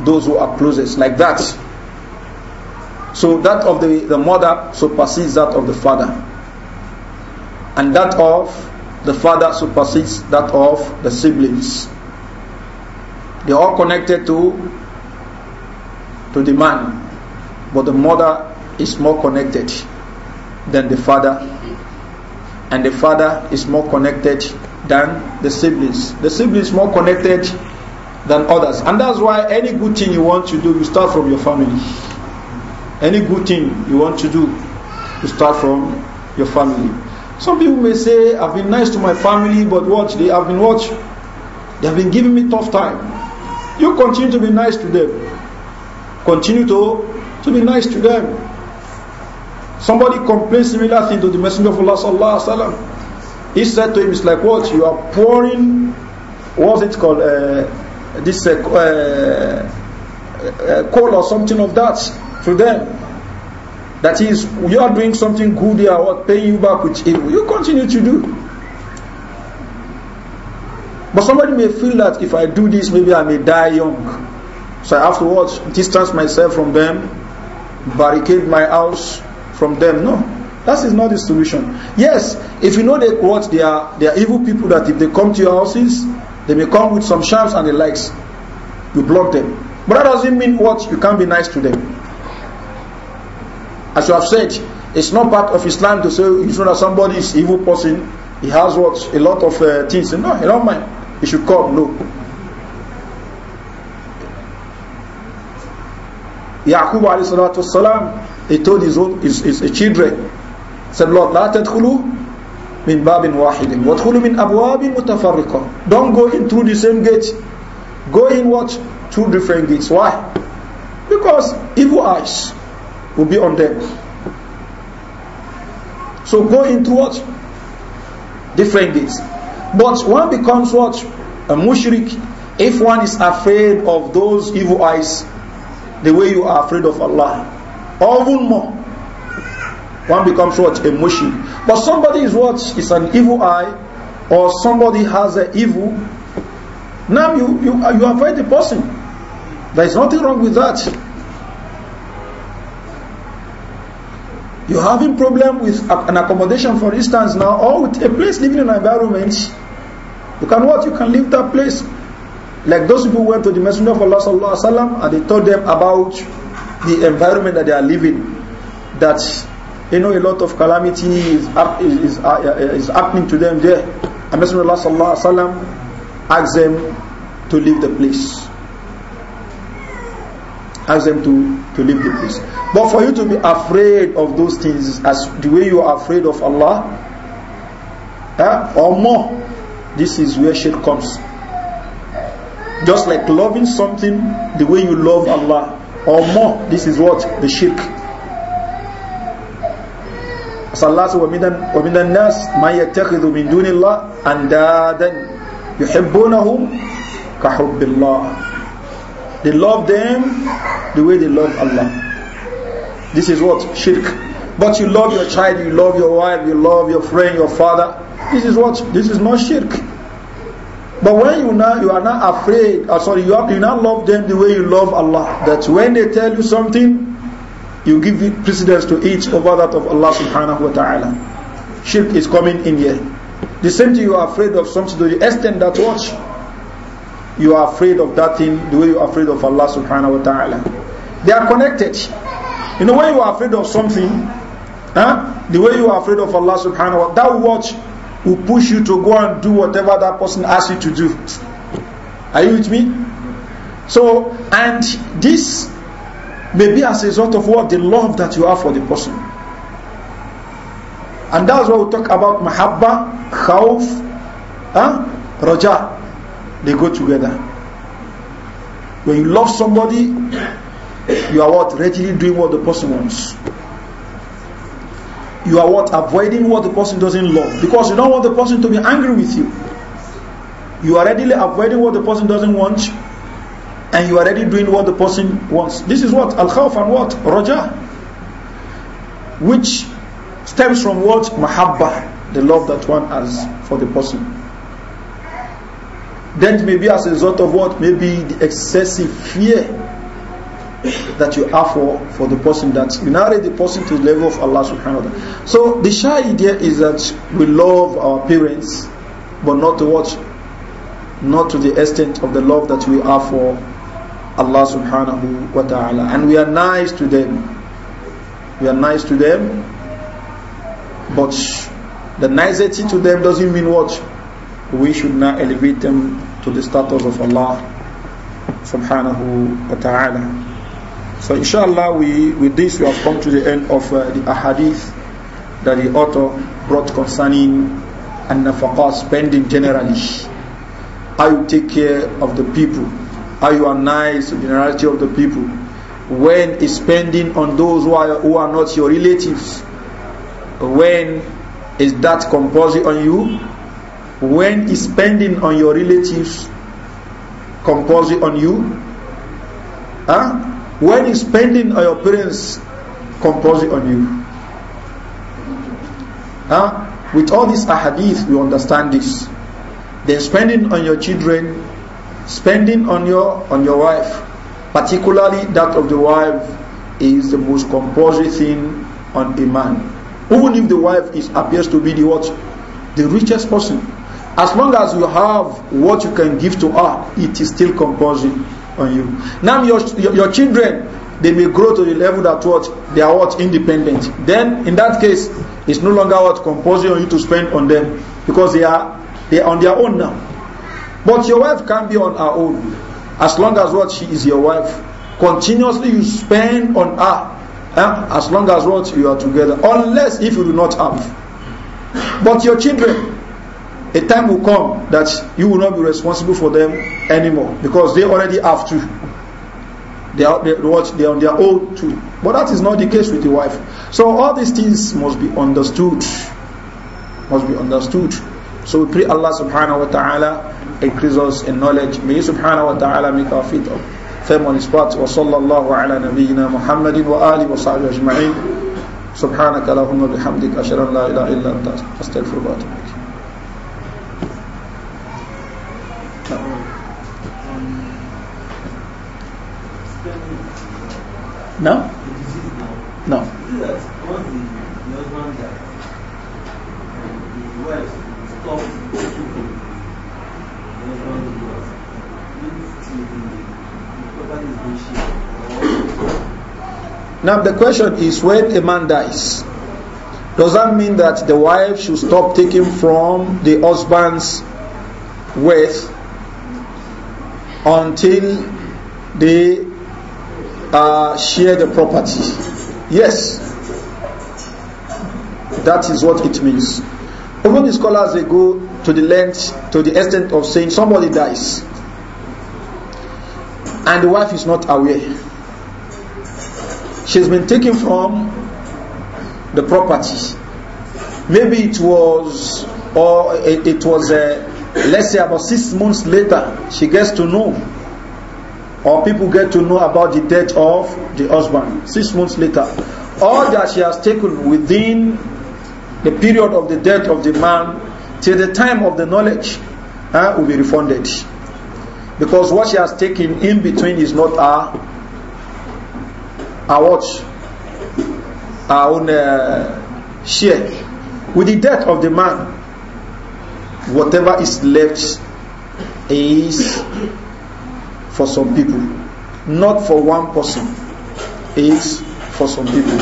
those who are closest, like that. So that of the, the mother supersedes that of the father. And that of the father supersedes that of the siblings. They are all connected to to the man, but the mother is more connected than the father, and the father is more connected than the siblings. The siblings more connected than others, and that's why any good thing you want to do, you start from your family. Any good thing you want to do, you start from your family. Some people may say, I've been nice to my family, but watch, they have been watch. They have been giving me tough time. You continue to be nice to them. Continue to, to be nice to them. Somebody complained similar thing to the Messenger of Allah sallallahu alaihi wasallam. He said to him, it's like what? You are pouring, what's it called? Uh, this uh, uh, uh, coal or something of that to them. That is, we are doing something good, they are paying you back with evil. You continue to do. But somebody may feel that if I do this, maybe I may die young. So I have to watch, distance myself from them, barricade my house from them. No, that is not the solution. Yes, if you know they, what they are, they are evil people that if they come to your houses, they may come with some shams and the likes. You block them. But that doesn't mean what? You can't be nice to them. As you have said, it's not part of Islam to say you know that somebody is evil person. He has what a lot of uh, things. No, he don't mind. He should come. No. Yaqub alayhi salatu wasalam, he told his own his, his, his children, said, Lord, la tadkhulu min babin wahidin wadkhulu min abwabin mutafarriqa don't go in through the same gate go in what two different gates why because evil eyes will be on them. So go into what? Different days. But one becomes what? A mushrik if one is afraid of those evil eyes the way you are afraid of Allah. Or even more. One becomes what? A mushrik. But somebody is what? Is an evil eye or somebody has an evil. Now you, you, you avoid the person. There is nothing wrong with that. You're having problem with an accommodation, for instance, now, or with a place living in an environment. You can what? You can leave that place. Like those people went to the Messenger of Allah sallallahu alaihi wasallam and they told them about the environment that they are living. That you know a lot of calamity is is, is, uh, uh, uh, is happening to them there. And Messenger of Allah sallallahu alaihi wasallam asked them to leave the place. Asked them to to leave the place. But for you to be afraid of those things as the way you are afraid of Allah, eh, or more, this is where shirk comes. Just like loving something the way you love Allah, or more, this is what? The shirk. Sallallahu wa minan nas man yattakhidhu min dunillah andadan yuhibbunahum kahubbillah. They love them the way they love Allah. This is what? Shirk. But you love your child, you love your wife, you love your friend, your father. This is what? This is not shirk. But when you now you are not afraid, uh, sorry, you, are, you love them the way you love Allah. That when they tell you something, you give precedence to each over that of Allah subhanahu wa ta'ala. Shirk is coming in here. The same thing you are afraid of something to the extent that watch you are afraid of that thing the way you are afraid of Allah subhanahu wa ta'ala. They are connected. You know, when you are afraid of something, huh, the way you are afraid of Allah subhanahu wa ta'ala, that watch will push you to go and do whatever that person asks you to do. Are you with me? So, and this may be as a result of what? The love that you have for the person. And that's why we talk about mahabba, khawf, huh, raja. They go together. When you love somebody, you are what? Readily doing what the person wants. You are what? Avoiding what the person doesn't love. Because you don't want the person to be angry with you. You are readily avoiding what the person doesn't want. And you are already doing what the person wants. This is what? Al-Khawf and what? Roger, Which stems from what? Mahabbah. The love that one has for the person then maybe as a result of what maybe the excessive fear that you offer for, for the person that you narrate the person to the level of Allah subhanahu wa ta'ala. So the shy idea is that we love our parents, but not to what? Not to the extent of the love that we offer for Allah subhanahu wa ta'ala. And we are nice to them. We are nice to them, but the nicety to them doesn't mean what? We should not elevate them to the status of Allah subhanahu wa ta'ala. So inshallah, we, with this we have come to the end of uh, the ahadith that the author brought concerning an-nafaqah spending generally. How you take care of the people, how you are nice to the generality of the people. When is spending on those who are, who are not your relatives, when is that compulsory on you? When is spending on your relatives compulsory on you? Huh? when is spending on your parents compulsory on you? Huh? With all these ahadith, we understand this. Then spending on your children, spending on your on your wife, particularly that of the wife, is the most compulsory thing on a man. Even if the wife is appears to be the what, the richest person, as long as you have what you can give to her, it is still compulsory. on you. Now your, your, your children, they may grow to the level that what they are what independent. Then in that case, it's no longer what compulsory on you to spend on them because they are they are on their own now. But your wife can be on her own as long as what she is your wife. Continuously you spend on her eh? as long as what you are together, unless if you do not have. But your children, a time will come that you will not be responsible for them anymore because they already have to. They are, they, what, they are on their own too. But that is not the case with the wife. So all these things must be understood. Must be understood. So we pray Allah subhanahu wa ta'ala increase us in knowledge. May subhanahu wa ta'ala make our feet up. firm on his path. Wa sallallahu ala nabiyyina Muhammadin wa ali wa sahbihi ajma'in. سبحانك اللهم وبحمدك أشهد أن لا إله إلا أنت أستغفرك وأتوب No? No. Now the question is when a man dies, does that mean that the wife should stop taking from the husband's wealth until the uh, share the property. Yes, that is what it means. Even the scholars they go to the length, to the extent of saying somebody dies and the wife is not aware. She's been taken from the property. Maybe it was, or it, it was, uh, let's say about six months later, she gets to know or people get to know about the death of the husband six months later, All that she has taken within the period of the death of the man till the time of the knowledge uh, will be refunded. Because what she has taken in between is not our, our watch, Our own uh, share. With the death of the man, whatever is left is for some people, not for one person. It's for some people.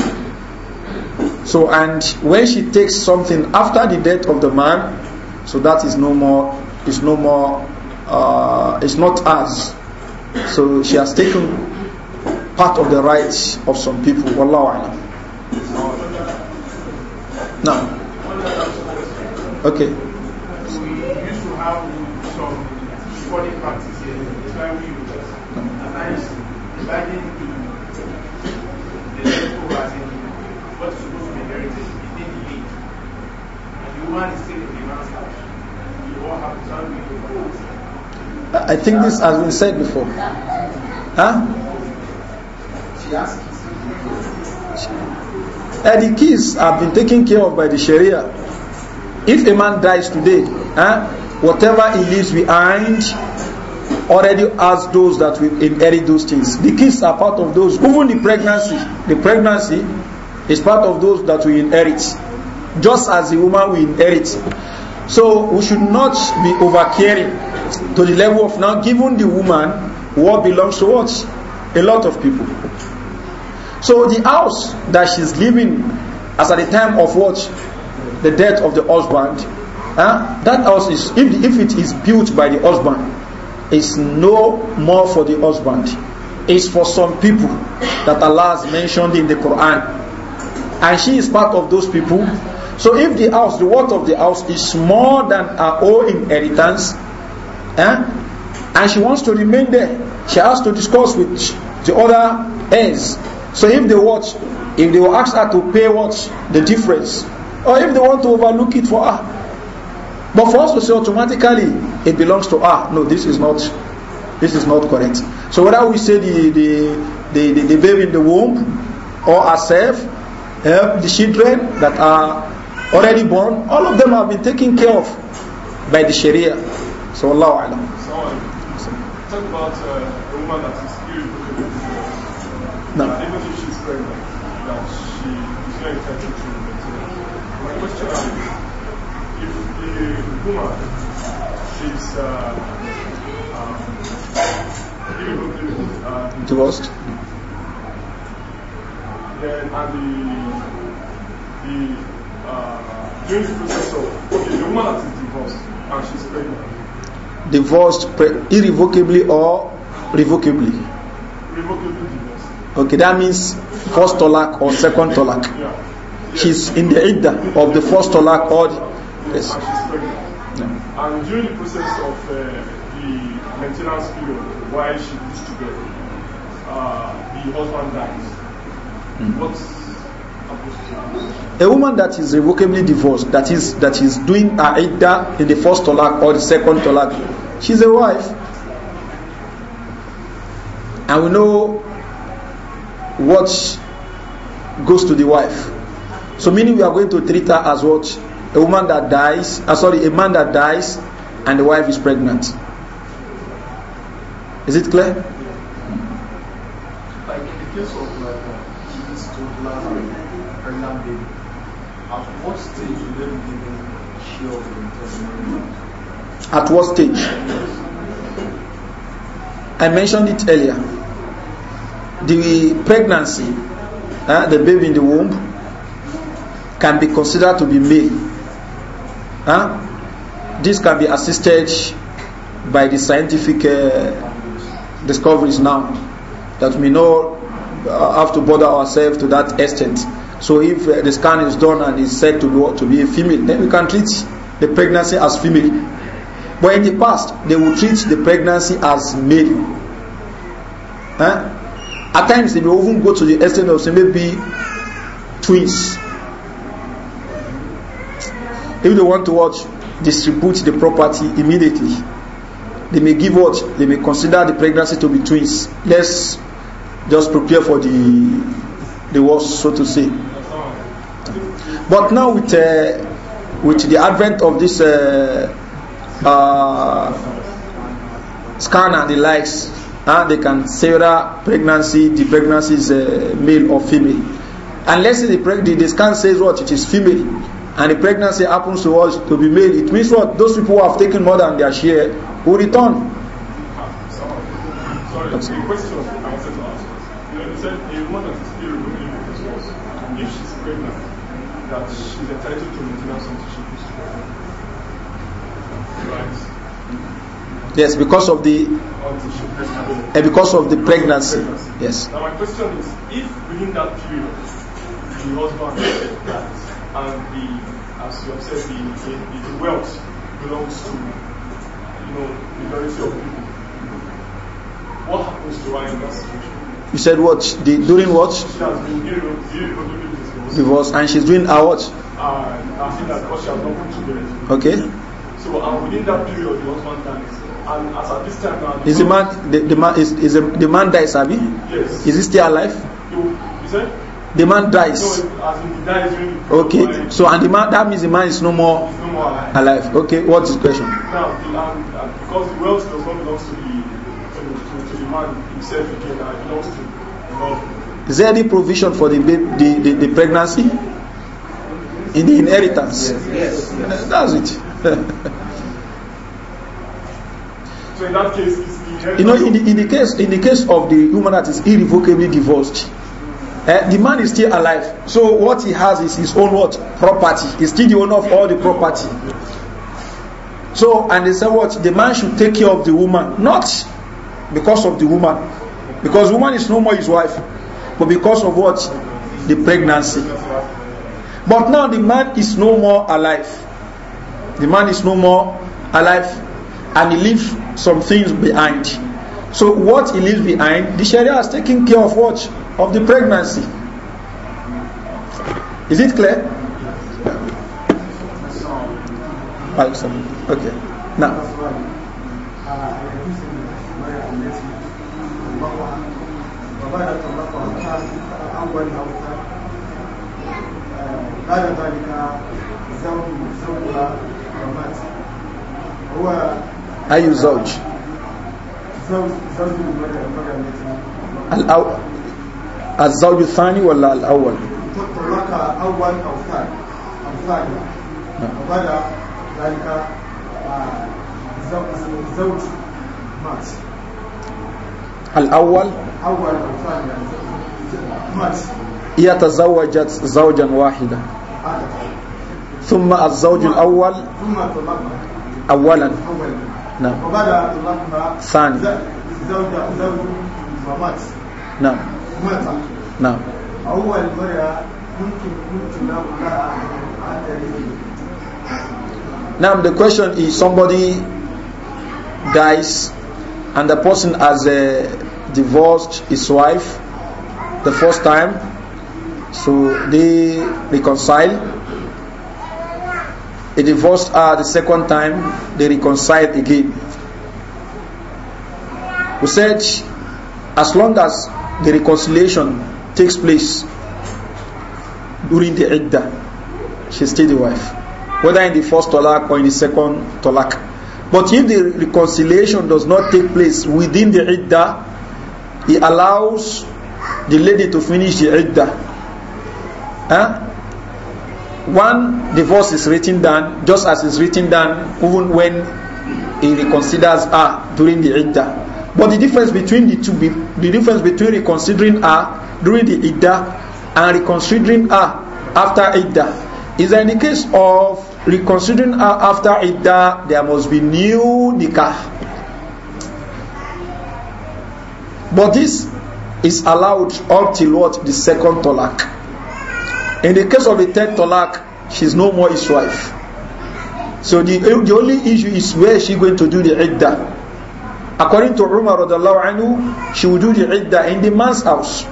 So, and when she takes something after the death of the man, so that is no more, is no more, uh, it's not us. So she has taken part of the rights of some people. Wallahu alam. Now, Okay. practice here is dividing the, in what's supposed to be heritage within the eight. And the woman is still in the man's house. You all have to tell me the rules. I think this has been said before. Huh? She asked. And eh, the keys have been taken care of by the Sharia. If a man dies today, huh, whatever he leaves behind already has those that will inherit those things. The kids are part of those. Even the pregnancy, the pregnancy is part of those that we inherit. Just as the woman we inherit. So we should not be caring to the level of now giving the woman what belongs to us. A lot of people. So the house that she's living as at the time of what? The death of the husband Huh? That house is, if, if it is built by the husband, it's no more for the husband. It's for some people that Allah has mentioned in the Quran. And she is part of those people. So if the house, the worth of the house is more than her own inheritance, and she wants to remain there, she has to discuss with the other heirs. So if they watch, if they will ask her to pay what the difference, or if they want to overlook it for her, but for us to say automatically it belongs to us, no, this is not this is not correct. So whether we say the the, the, the, the baby in the womb or ourselves, eh, help the children that are already born, all of them have been taken care of by the Sharia. So Allah talk about uh, a woman that is No. Even if she's pregnant, that she is very to My question is. Puma. She's uh, um, divorced. Then And the the during the process of okay, the woman that is divorced and she's pregnant. Divorced pre irrevocably or revocably? Revocably divorced. Okay, that means first talak or second talak. Yeah. Yes. She's in the ida of the first talak or yes. No. And during the process of uh, the maintenance period, while she used to uh, the husband dies. Mm. What's a woman that is irrevocably divorced, that is that is doing her idda in the first talak or the second talak, she's a wife. And we know what goes to the wife. So meaning we are going to treat her as what? a woman that dies, uh, sorry, a man that dies and the wife is pregnant. Is it clear? Like in the case of like uh, Jesus toddler pregnant baby, at what stage will they be given of At what stage? I mentioned it earlier. The pregnancy, uh, the baby in the womb, can be considered to be male Huh? This can be assisted by the scientific uh, discoveries now that we know uh, have to bother ourselves to that extent. So if uh, the scan is done and is said to be, to be a female, then we can treat the pregnancy as female. But in the past, they would treat the pregnancy as male. Huh? At times, they may even go to the extent of saying maybe twins If they want to watch, distribute the property immediately. They may give what? They may consider the pregnancy to be twins. Let's just prepare for the the worst, so to say. But now with uh, with the advent of this uh, uh, scan and the likes, uh, they can say whether pregnancy, the pregnancy is uh, male or female. And let's say the, the, the scan says what it is female, and the pregnancy happens to us to be made. it means what? Those people who have taken more than their share will return. Sorry, That's a question I wanted to ask. You, know, you said a woman is irremovable resource. If she's pregnant, that she's entitled to maintenance until she Yes, because of the and eh, because of the pregnancy. Yes. Now my question is, if within that period the husband that and the, as you have said, the, the, the wealth belongs to, you know, the majority of people. What happens to her in that situation? You said what? The, during what? She has been divorced. Divorce, and she's doing her what? Uh, I think that she has not put together. Okay. So, and within that period, the husband dies. And as at this time now, is the man the, the man is, is the, the man dies, Abi? Yes. Is he still alive? You, you said. the man dies. okay, so and the man that means the man is no more, alive. Okay, what's his question? Now, the land, because the wealth does not belong to the, to, to, the man himself again, it belongs to the Lord. Is there any provision for the, the, the, the pregnancy? In the inheritance? Yes. yes, yes. That's it. so in that case, You know, in the, in the case in the case of the woman that is irrevocably divorced, Uh, the man is still alive. So what he has is his own what? Property. He's still the owner of all the property. So, and they say what? The man should take care of the woman. Not because of the woman. Because woman is no more his wife. But because of what? The pregnancy. But now the man is no more alive. The man is no more alive. And he leaves some things behind. So what he leaves behind, the Sharia is taking care of what? of the pregnancy. Is it clear? Okay. Now. بعد ذلك زوج زوجها ومات هو أي زوج؟ زوج زوج المرأة التي الأول الزوج الثاني ولا الأول طلق أول أو ثاني أو ثاني نعم. وبدا ذلك الزوج آه، مات الأول أول أو ثاني مات هي تزوجت زوجا واحدا ثم الزوج الأول ثم طلقها أولا نعم وبدا طلقها ثاني زوج زوج ومات نعم مات نعم أول مرة Now the question is somebody dies and the person has uh, divorced his wife the first time so they reconcile he divorced her the second time they reconcile again we said as long as the reconciliation takes place during the iddah, she still the wife. Whether in the first talak or in the second talak. But if the reconciliation does not take place within the iddah, he allows the lady to finish the iddah. Huh? One divorce is written down just as it's written down even when he reconsiders her during the iddah. But the difference between the two, the difference between reconsidering her during the idda and reconsidering her after idda, is that in the case of reconsidering her after idda, there must be new nikah. But this is allowed up till what the second talak. In the case of the third talak, she's no more his wife. So the, the only issue is where is she going to do the idda. According to Umar radiallahu anhu, she will do the idda in the man's house.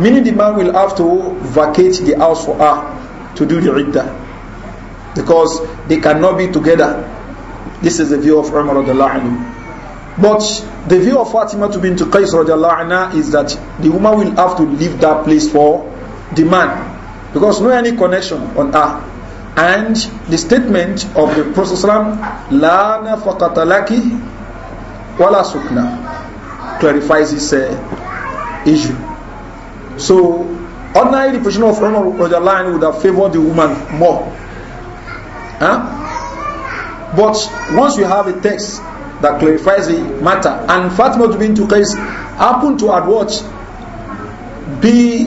Meaning the man will have to vacate the house for her to do the idda, Because they cannot be together. This is the view of Umar radiallahu anhu. But the view of Fatima to bin Tukais radiallahu anha is that the woman will have to leave that place for the man. Because no any connection on her. And the statement of the Prophet ﷺ, لَا نَفَقَةَ لَكِ Wala Sukna clarifies this uh, issue. So, ordinarily, the position of Umar would have favored the woman more. Huh? But once you have a text that clarifies the matter, and Fatima bint case happened to at what? Be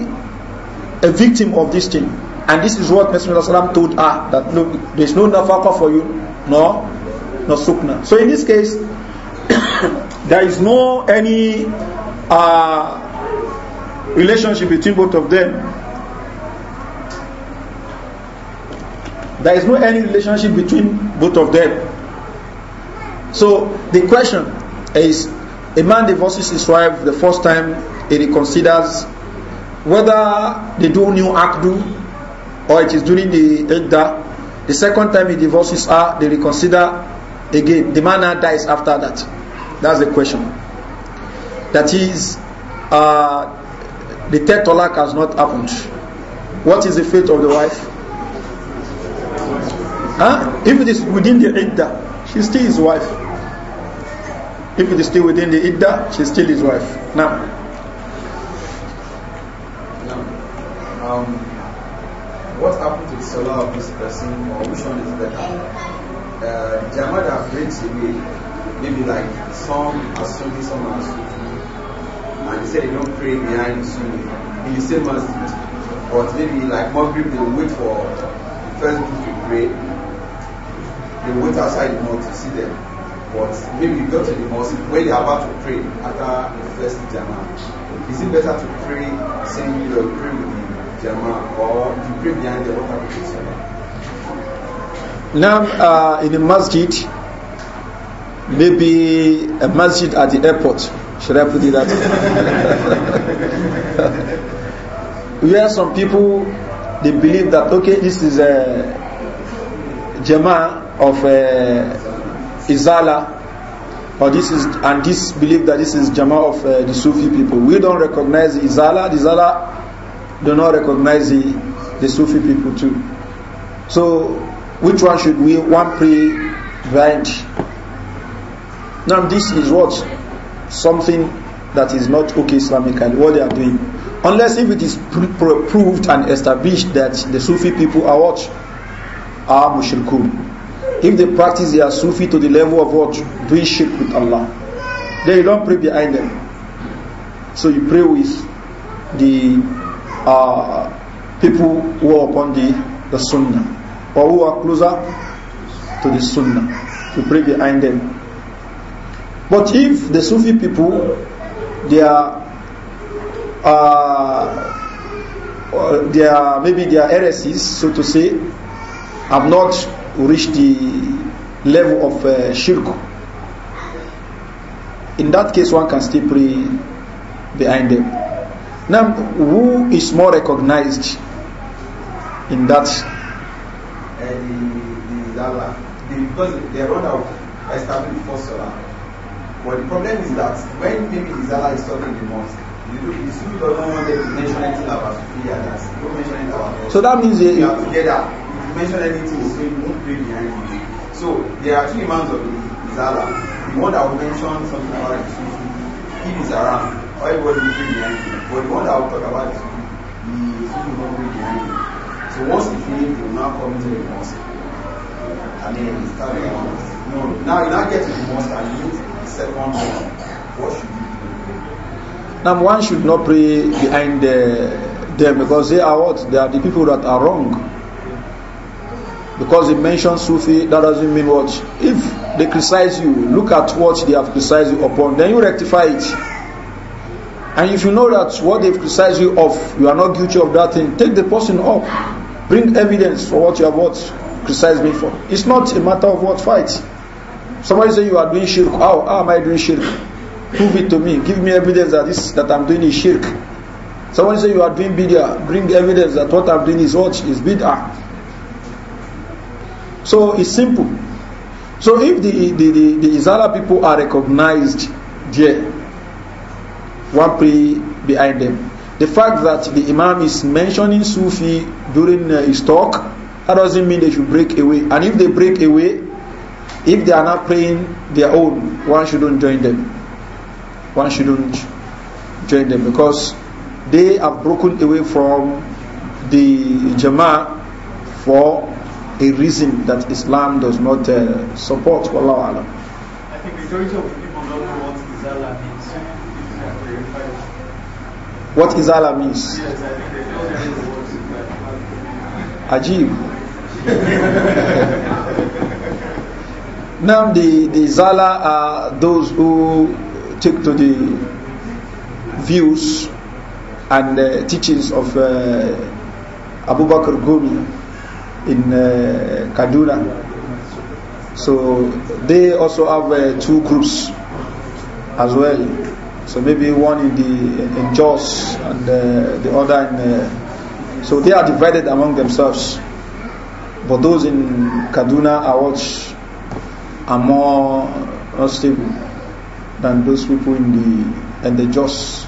a victim of this thing. And this is what Messenger told her that look, there's no nafaka for you, no, no sukna. So in this case, there is no any uh, relationship between both of them. There is no any relationship between both of them. So the question is a man divorces his wife the first time he reconsiders whether they do new akdu or it is during the idda. The second time he divorces her, they reconsider again. The man dies after that. That's the question. That is, uh, the third talak has not happened. What is the fate of the wife? Huh? If it is within the idda, she still his wife. If it is still within the idda, she still his wife. Now, um, what happened to the solar of this person, or which one is better? Uh, Jamada breaks away maybe like some are Sunni, some are Sufi. And they say they don't pray behind Sunni. in the same masjid. But maybe like Maghrib, they wait for the first group to pray. They wait outside the mosque to see them. But maybe you go to the mosque when they are about to pray after the first Jama. Is it better to pray saying you pray with the Jama or you pray behind the water with the Now, uh, in the masjid, maybe a masjid at the airport. Should I put it that way? have some people they believe that okay, this is a jama of uh, Izala, or this is and this believe that this is jama of uh, the Sufi people. We don't recognize Izala. The Izala do not recognize the, the Sufi people too. So, which one should we one pray blind? Now this is what? Something that is not okay Islamically, what they are doing. Unless if it is proved and established that the Sufi people are what? Are mushrikun. If they practice their Sufi to the level of what? Doing shirk with Allah. Then you don't pray behind them. So you pray with the uh, people who are upon the, the Sunnah or who are closer to the Sunnah. You pray behind them. But if the Sufi people, they are, uh, uh they are maybe their heresies, so to say, have not reached the level of uh, shirk. In that case, one can still pray behind them. Now, who is more recognized in that? Uh, the, the Zala, because they run out established for Salah. But the problem is that when maybe Isala is talking the most, so that means they, they are together. If you mention anything, so you won't play behind you. So there are two amounts of Izala. The one that will mention something about the it, he is around. Everybody will play behind him. But the one that will talk about the it, the Sufi will not play behind him. So once he finishes, he will now come into the mosque. And then he starts the No, now you now get to the mosque and you one should Now, one should not pray behind the, them because they are what? They are the people that are wrong. Because he mentioned Sufi, that doesn't mean what? If they criticize you, look at what they have criticized you upon, then you rectify it. And if you know that what they've criticized you of, you are not guilty of that thing, take the person up. Bring evidence for what you have what criticized me for. It's not a matter of what fight. Somebody say you are doing shirk. How, how am I doing shirk? Prove it to me. Give me evidence that this that I'm doing is shirk. Somebody say you are doing bid'ah. Bring evidence that what I'm doing is what is bid'ah. So it's simple. So if the the, the, the Izala people are recognized there, one pray behind them. The fact that the Imam is mentioning Sufi during uh, his talk, that doesn't mean they should break away. And if they break away, if they are not praying their own, one shouldn't join them. One shouldn't join them because they have broken away from the Jama'ah for a reason that Islam does not uh, support. Wallahu alam. I think majority of people don't know what Izala means. What Izala means? Yes, I think they don't know what Ajib. Now the, the Zala are those who take to the views and uh, teachings of uh, Abu Bakr Gumi in uh, Kaduna. So they also have uh, two groups as well. So maybe one in the in Jos and uh, the other in. Uh, so they are divided among themselves. But those in Kaduna are what are more unstable than those people in the and the just.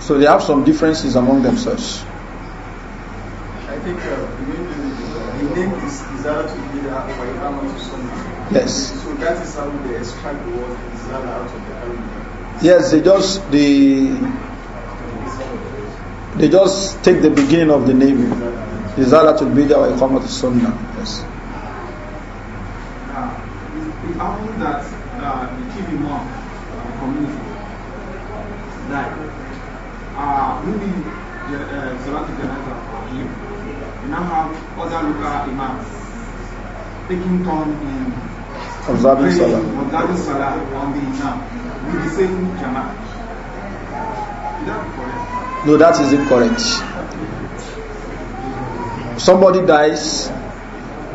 So they have some differences among themselves. I think uh, the main uh, the name is desire to Bida by Haman to somebody. Yes. So that is how they extract the word Izara out of the Arabic. Yes, they just they they just take the beginning of the name. Desire to Bida by Haman to Sunnah. Yes happened that uh, the TV mom uh, community that uh, maybe the uh, Zolati Janaza for him, you now have other local imams taking turn in observing Salah. observing Salah on the imam with the same Jama. Is that correct? No, that is incorrect. Somebody dies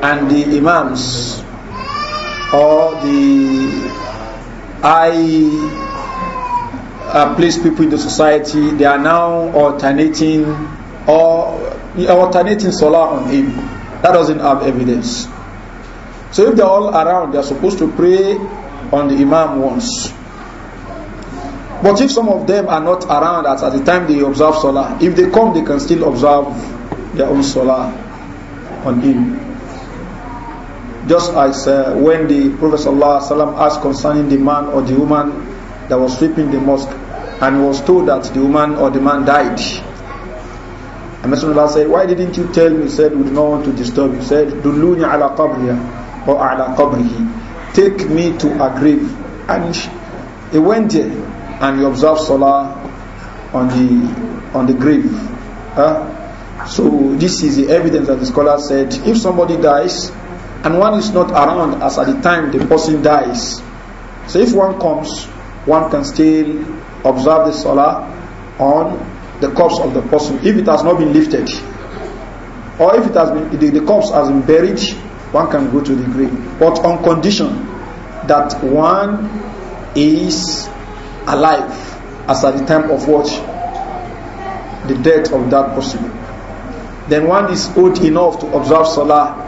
and the imams or the high uh, placed people in the society, they are now alternating or alternating solar on him. That doesn't have evidence. So if they're all around, they're supposed to pray on the imam once. But if some of them are not around at, at the time they observe solar, if they come, they can still observe their own solar on him. Just as uh, when the Prophet ﷺ asked concerning the man or the woman that was sweeping the mosque and was told that the woman or the man died. And Messenger said, Why didn't you tell me? He said, We do not want to disturb you. He said, "Dulunya ala qabriya or ala qabrihi. Take me to a grave. And he went there and he observed Salah on the on the grave. Huh? So this is the evidence that the scholar said if somebody dies and one is not around as at the time the person dies. So if one comes, one can still observe the salah on the corpse of the person if it has not been lifted. Or if it has been the, the corpse has been buried, one can go to the grave. But on condition that one is alive as at the time of what? The death of that person. Then one is old enough to observe salah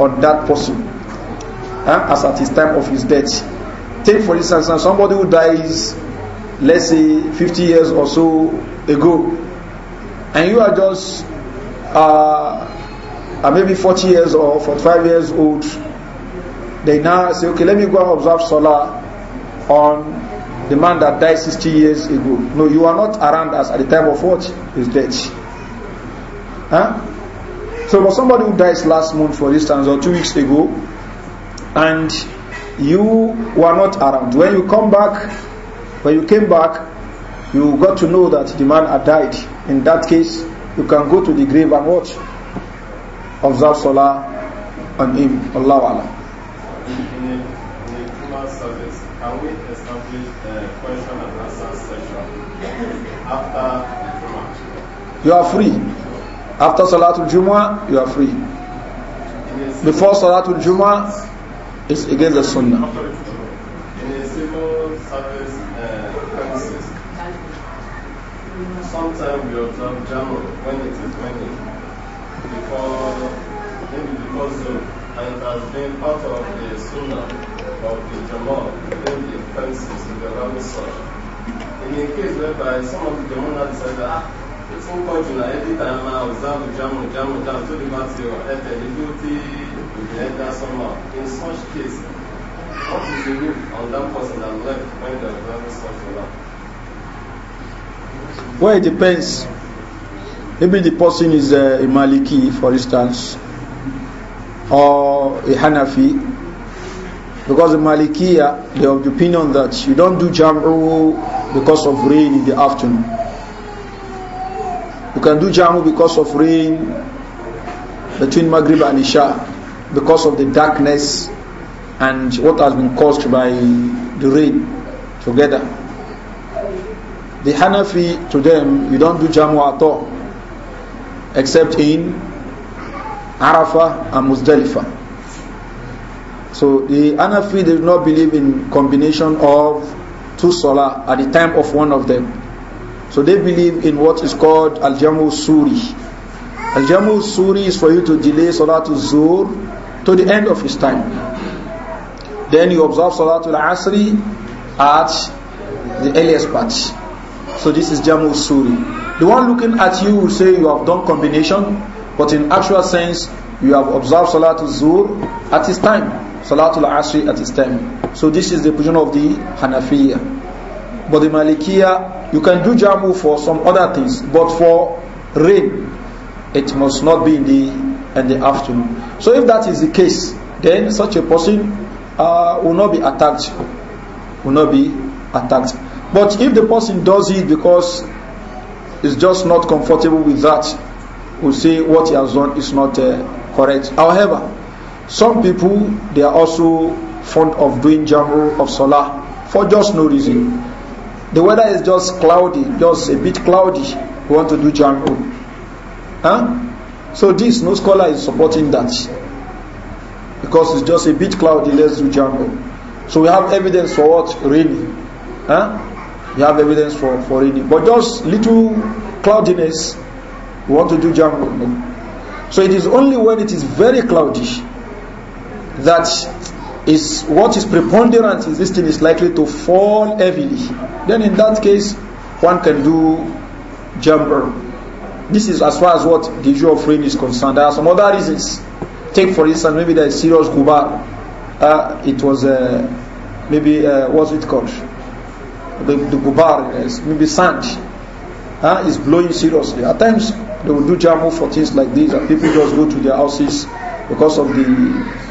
on that person uh, as at his time of his death. Take for instance somebody who dies, let's say 50 years or so ago, and you are just uh, uh maybe 40 years or 45 years old. They now say, okay, let me go and observe Salah on the man that died 60 years ago. No, you are not around us at the time of what? His death. Huh? So for somebody who dies last month, for instance, or two weeks ago, and you were not around. When you come back, when you came back, you got to know that the man had died. In that case, you can go to the grave and watch. Observe Salah on him. Allah Allah. can we establish a uh, question and answer session after the You are free. After Salatul Jumu'ah, you are free. Before Salatul Jumu'ah, it's against the Sunnah. In a civil service uh, premises, sometimes we observe Jamu when it is raining. before, maybe because of, and it has been part of the Sunnah of the Jamu within the premises in the Ramisar. In a case whereby some of the Jamuna decided, ah, tó pọ̀ jù náà ẹbí tá a máa observe jamu jamu jamu tó lè bá ti rọ ẹfẹ̀ nígbó tí ìbílẹ̀ dá sọ́mà in such case what is the rule on that person that left when the are very such a lot. Well, it depends. Maybe the person is uh, a Maliki, for instance, or a Hanafi, because the Malikiya, they have the opinion that you don't do Jam'u because of rain in the afternoon. You can do jamu because of rain between Maghrib and Isha, because of the darkness and what has been caused by the rain together. The Hanafi, to them, you don't do jamu at all, except in Arafah and Muzdalifah. So the Hanafi, did not believe in combination of two salah at the time of one of them. So they believe in what is called Al-Jamu Suri. Al-Jamu Suri is for you to delay Salatul Zuhr to the end of his time. Then you observe Salatul Asri at the earliest part. So this is Jamu Suri. The one looking at you will say you have done combination, but in actual sense, you have observed Salatul Zuhr at his time, Salatul Asri at his time. So this is the position of the Hanafiya. But the Malikiya, you can do jamu for some other things, but for rain, it must not be in the in the afternoon. So if that is the case, then such a person uh, will not be attacked. Will not be attacked. But if the person does it because is just not comfortable with that, will say what he has done is not uh, correct. However, some people they are also fond of doing jamu of salah for just no reason. The weather is just cloudy, just a bit cloudy. We want to do jam'u. Huh? So this, no scholar is supporting that. Because it's just a bit cloudy, let's do jam'u. So we have evidence for what? Rainy. Huh? We have evidence for, for rainy. But just little cloudiness, we want to do jam'u. So it is only when it is very cloudy that is what is preponderant in this thing is likely to fall heavily. Then in that case, one can do jumper. This is as far as what the issue of rain is concerned. There are some other reasons. Take for instance, maybe there is serious guba. Uh, it was uh, maybe uh, what's it called? The, the gubar, is uh, maybe sand, uh, is blowing seriously. At times they will do jumbo for things like this, and people just go to their houses because of the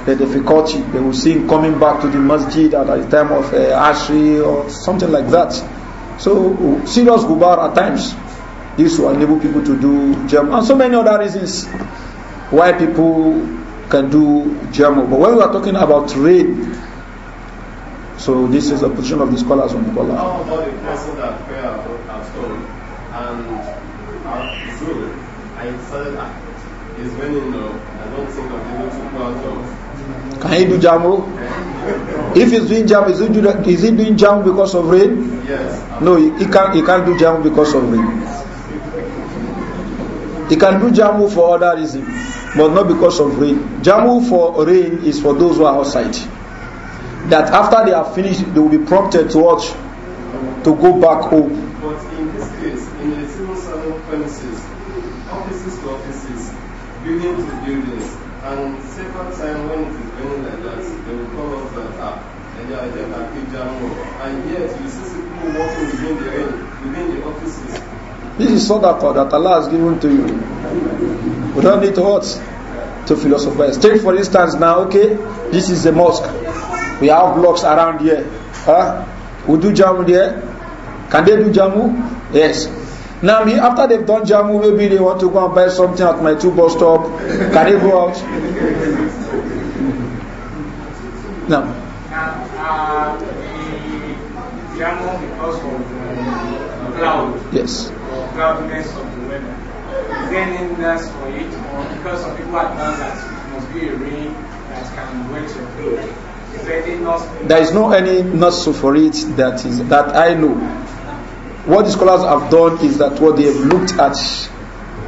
the difficulty. They will see him coming back to the masjid at the time of uh, Ashri or something like that. So serious gubar at times. This will enable people to do jam and so many other reasons why people can do jamu. But when we are talking about rain, so this is the position of the scholars on the Qala. How about the person that prayer at stone and at uh, Zul, I said is when you know Can he do jamu? If he's doing jamu, is he, do, is he doing jamu because of rain? Yes. No, he, he, can't, he can't do jamu because of rain. He can do jamu for other reason, but not because of rain. Jamu for rain is for those who are outside. That after they are finished, they will be prompted to watch, to go back home. But in this case, in the civil offices to offices, building to buildings, and several times when This is sadaqah uh, that Allah has given to you. We don't need to what? To philosophize. Take for instance now, okay, this is a mosque. We have blocks around here. Huh? We do jamu there. Can they do jamu? Yes. Now, me after they've done jamu, maybe they want to go and buy something at my two bus stop. Can they go out? No. Uh, uh, the jamu cloud. Yes. Or cloudiness of the weather. Is there any nurse for it? Or because some people advance that it must be a rain that can wet your clothes. There is no any nurse for it that is that I know. What the scholars have done is that what they have looked at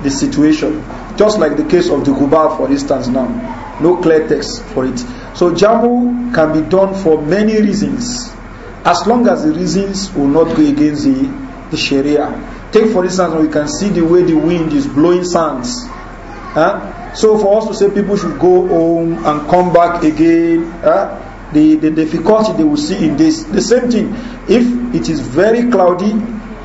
the situation. Just like the case of the Guba, for instance, now. No clear text for it. So Jamu can be done for many reasons. As long as the reasons will not go against the the Sharia. Take for instance, we can see the way the wind is blowing sands. Huh? So for us to say people should go home and come back again, huh? the, the difficulty they will see in this. The same thing, if it is very cloudy,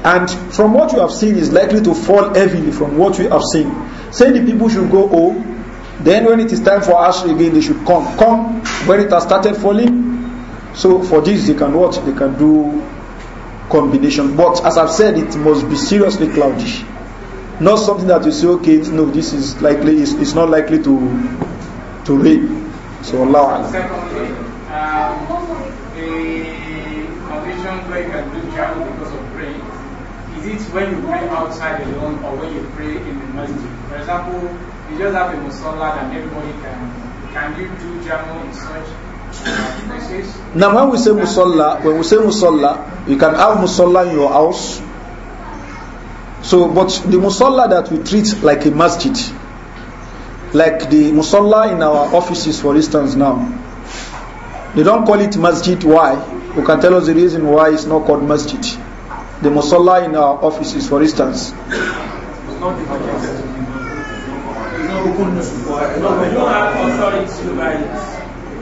and from what you have seen is likely to fall heavily from what we have seen. Say the people should go home, then when it is time for Asr again, they should come. Come when it has started falling. So for this, they can what? They can do combination. But as I've said, it must be seriously cloudy. Not something that you say, okay, no, this is likely, it's, it's not likely to to rain. So Allah. Secondly, um, a condition where you can do travel because of rain, is it when you pray outside alone or when you pray in the masjid? For example, you just have a musalla that everybody can. Can you do jamu in such Now, when we say musalla, when we say musalla, you can have musalla in your house. So, but the musalla that we treat like a masjid, like the musalla in our offices, for instance, now, they don't call it masjid. Why? You can tell us the reason why it's not called masjid. The musalla in our offices, for instance.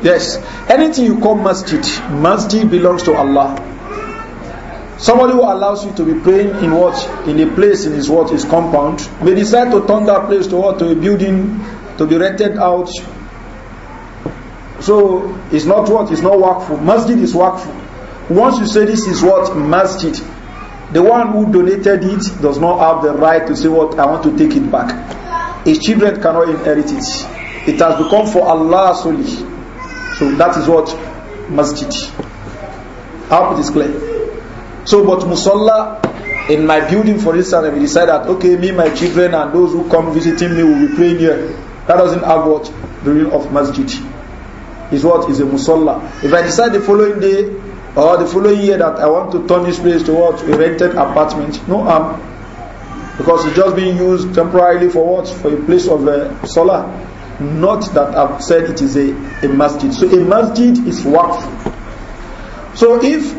Yes. Anything you call masjid, masjid belongs to Allah. Somebody who allows you to be praying in what? In a place in his what? His compound. May decide to turn that place to what? To a building, to be rented out. So it's not what? It's not workful. Masjid is workful. Once you say this is what? Masjid. The one who donated it does not have the right to say what? I want to take it back. His children cannot inherit it. It has become for Allah solely. So that is what masjid. I it is clear. So, but musalla, in my building, for instance, if we decide that, okay, me, my children, and those who come visiting me will be praying here, that doesn't have what? The rule of masjid. Is what? Is a musalla. If I decide the following day or the following year that I want to turn this place towards A rented apartment, no harm. because it's just being used temporarily for what? For a place of uh, solar not that I've said it is a, a masjid. So a masjid is waqf. So if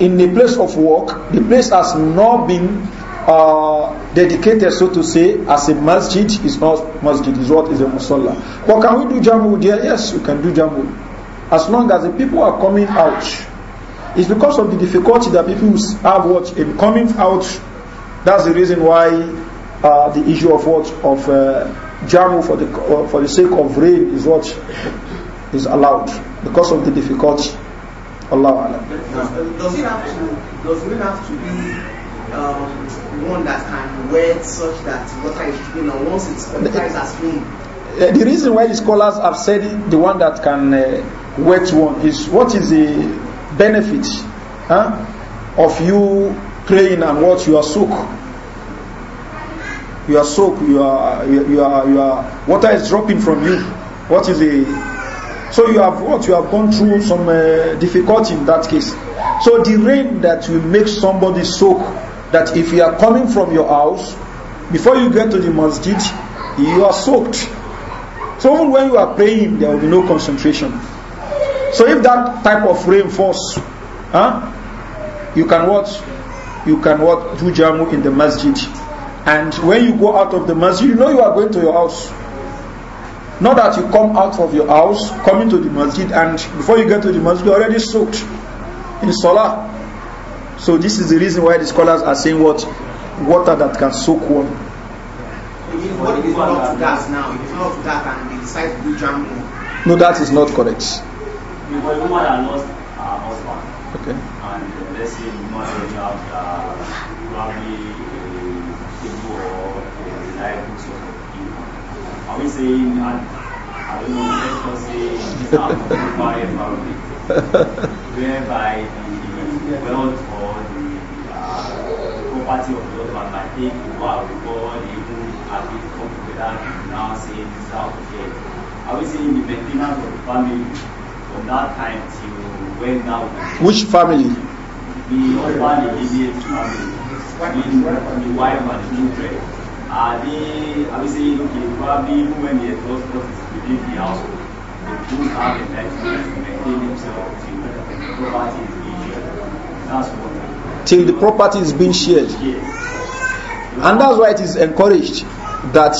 in the place of work, the place has not been uh, dedicated, so to say, as a masjid, is not masjid, is what is a musalla. But can we do jamu there? Yes, we can do jamu. As long as the people are coming out. It's because of the difficulty that people have what in coming out. That's the reason why uh, the issue of what of uh, jamu for the, uh, for the sake of rain is what is allowed because of the difficulty. Allah Does, it have to, does it have to be um, one that can wet such that water is you know, once it's qualified as rain? Uh, the reason why the scholars have said the one that can uh, wet one is what is the benefit huh, of you praying and what you are soaked you are soaked, you are, you are, you are, water is dropping from you. What is the, so you have what? You have gone through some uh, difficulty in that case. So the rain that will make somebody soak, that if you are coming from your house, before you get to the masjid, you are soaked. So even when you are praying, there will be no concentration. So if that type of rain falls, huh, you can what? You can what? Do jamu in the masjid. And when you go out of the masjid, you know you are going to your house. Not that you come out of your house, coming to the masjid, and before you get to the masjid, you already soaked in salah. So this is the reason why the scholars are saying what water that can soak one. No, that is not correct. you saying, I, I don't know, let's not say some global environment, whereby the wealth or the uh, property of the other might take over the world, who have been come together and now saying this out here. Are we saying the maintenance of the family from that time till when now? Which family? The husband, the immediate family, the wife and the children. Are they, probably when within the household, the themselves till the property is being shared? That's what. Till the property is being shared. Yes. And that's why it is encouraged that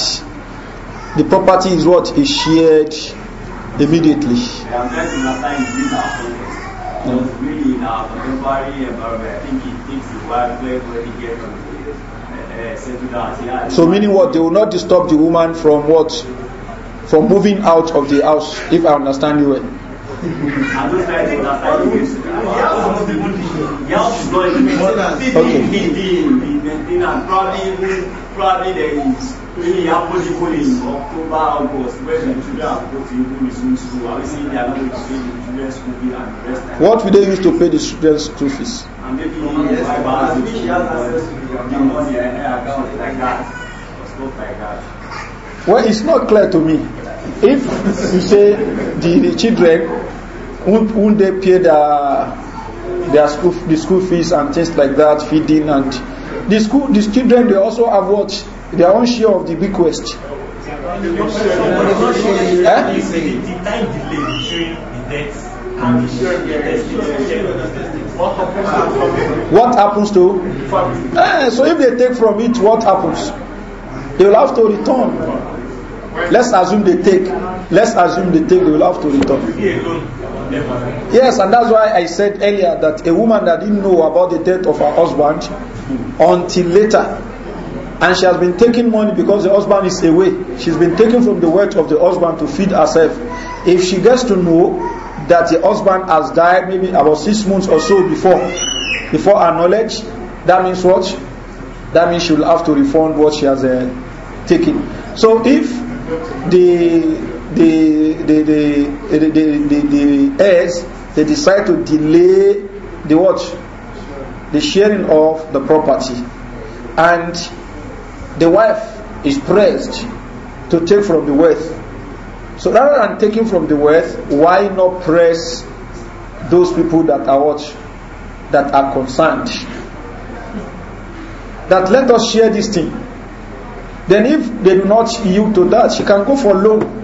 the property is what is shared immediately. really in our contemporary environment, I think it takes a while to get So meaning what? They will not disturb the woman from what? From moving out of the house, if I understand you well. okay. What will they use to pay the students' school fees? Well, it's not clear to me. If you say the, the children won't, won't they pay their their school the school fees and things like that, feeding and the school the children they also have what their own share of the bequest what happens to eh, so if they take from it what happens they will have to return let's assume they take let's assume they take they will have to return Yes, and that's why I said earlier that a woman that didn't know about the death of her husband until later. And she has been taking money because the husband is away. She's been taking from the wealth of the husband to feed herself. If she gets to know that the husband has died maybe about six months or so before, before her knowledge, that means what? That means she will have to refund what she has uh, taken. So if the the the the the, the, the, the heirs they decide to delay the watch. the sharing of the property. And the wife is pressed to take from the wealth. So rather than taking from the wealth, why not press those people that are what that are concerned? That let us share this thing. Then if they do not yield to that, she can go for loan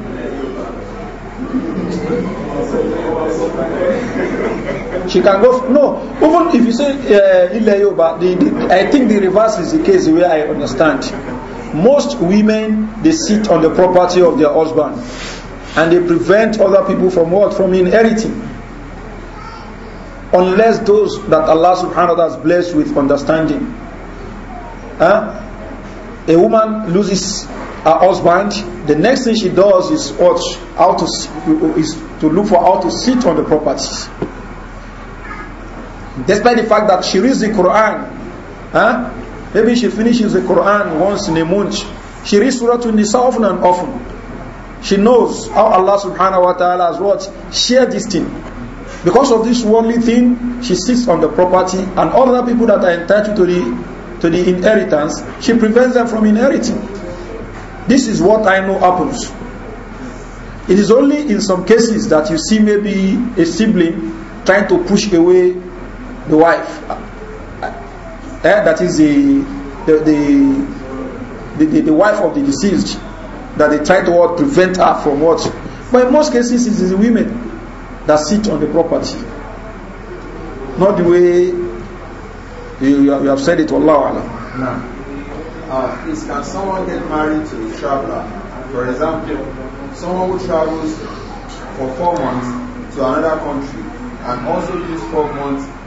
she can go. No, even if you say uh, Ile the, the, I think the reverse is the case the way I understand. Most women they sit on the property of their husband, and they prevent other people from what from inheriting. Unless those that Allah Subhanahu wa Taala has blessed with understanding. Huh? A woman loses her husband, the next thing she does is what how to is to look for how to sit on the properties. Despite the fact that she reads the Quran, huh? maybe she finishes the Quran once in a month. She reads Surah Nisa often and often. She knows how Allah subhanahu wa ta'ala has what? Share this thing. Because of this worldly thing, she sits on the property and all other people that are entitled to the, to the inheritance, she prevents them from inheriting. This is what I know happens. It is only in some cases that you see maybe a sibling trying to push away the wife. Eh, eh that is the the, the, the, the wife of the deceased that they try to what, prevent her from what. But in most cases, it is the women that sit on the property. Not the way you, you have said it, Allah Allah. uh, can someone get married to a traveler? For example, someone who travels for four months to another country and also use four months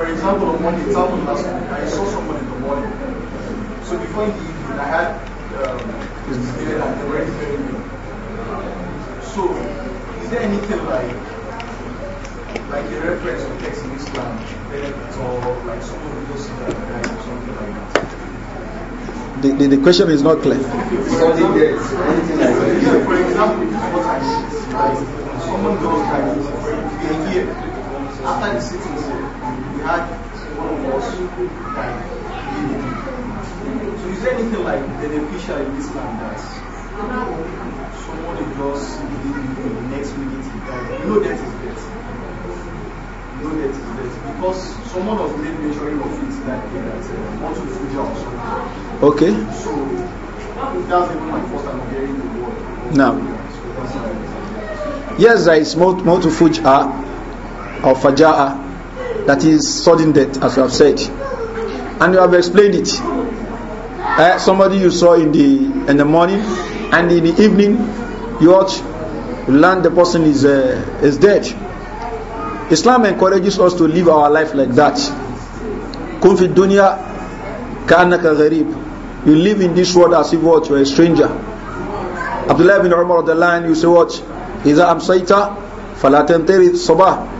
for example, on Monday, 12 last week, I saw someone in the morning. So before in the evening, I had um, this dinner and they were referring me. So, is there anything like like a reference or text in Islam, or like someone who does that or something like that? The, the, the, question is not clear. For example, yeah, for example what I mean, like someone goes like for a year after the sitting not wasu like So is there anything like beneficial in this land? that someone will just believe in the next minute he died? You know that is death. You know that is death. Because someone was made measuring of it that day that uh, wants to fuja or something. Okay. So that's even my first time hearing the word. Now. yes, there is more, more to fuja uh, or faja'a that is sudden death, as you have said. And you have explained it. Uh, somebody you saw in the in the morning and in the evening, you ought to learn the person is uh, is dead. Islam encourages us to live our life like that. Kun dunya ka'annaka gharib. You live in this world as if what you're a stranger. Abdullah bin Umar the line you say what? Iza amsayta fala sabah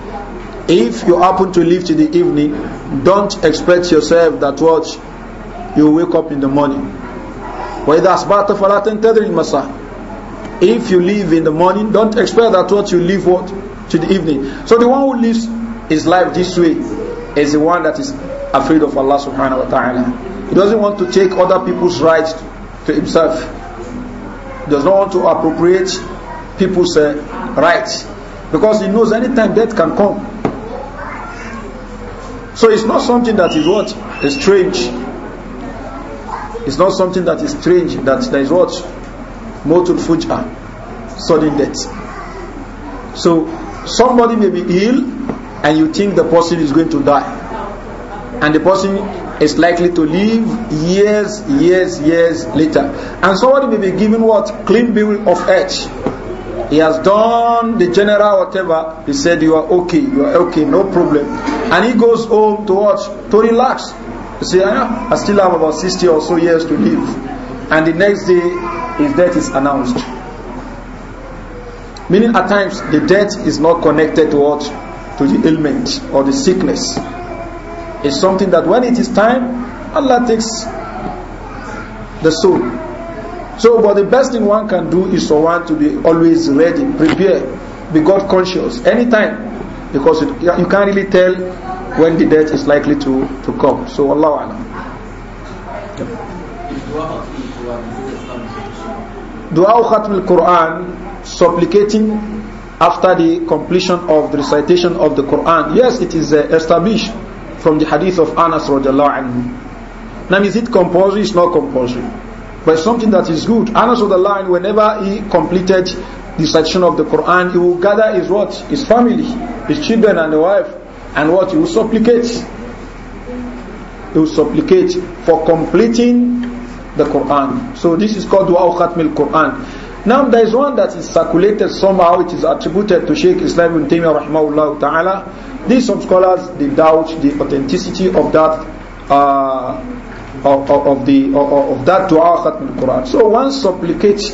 if you happen to leave to the evening, don't expect yourself that what you wake up in the morning. وَإِذَا أَصْبَحْتَ فَلَا تَنْتَظِرِ Mas'ah. If you leave in the morning, don't expect that what you leave what to the evening. So the one who lives his life this way is the one that is afraid of Allah subhanahu wa ta'ala. He doesn't want to take other people's rights to himself. He does not want to appropriate people's uh, rights because he knows anytime death can come. So it's not something that is what? Is strange. It's not something that is strange that there is what? Motul fujah, sudden death. So somebody may be ill and you think the person is going to die. And the person is likely to live years, years, years later. And somebody may be given what? Clean bill of age he has done the general whatever he said you are okay you are okay no problem and he goes home to watch to relax you see I, I still have about 60 or so years to live and the next day his death is announced meaning at times the death is not connected to what to the ailment or the sickness it's something that when it is time allah takes the soul so, but the best thing one can do is for one to be always ready, prepared, be God conscious anytime, because it, you can't really tell when the death is likely to, to come. So, Allah Yeah. Dua Khatm al-Quran, supplicating after the completion of the recitation of the Quran. Yes, it is uh, established from the hadith of Anas radiallahu anhu. Now, is it compulsory? It's not compulsory but something that is good. Anas of the line, whenever he completed the section of the Quran, he will gather his what? His family, his children and the wife, and what? He will supplicate. He will supplicate for completing the Quran. So this is called Dua Khatmil Quran. Now there is one that is circulated somehow, it is attributed to Sheikh Islam ibn Taymiyyah rahmahullah ta'ala. These some scholars, they doubt the authenticity of that uh, of, of the of, of that dua khatm al-Quran. So one supplicates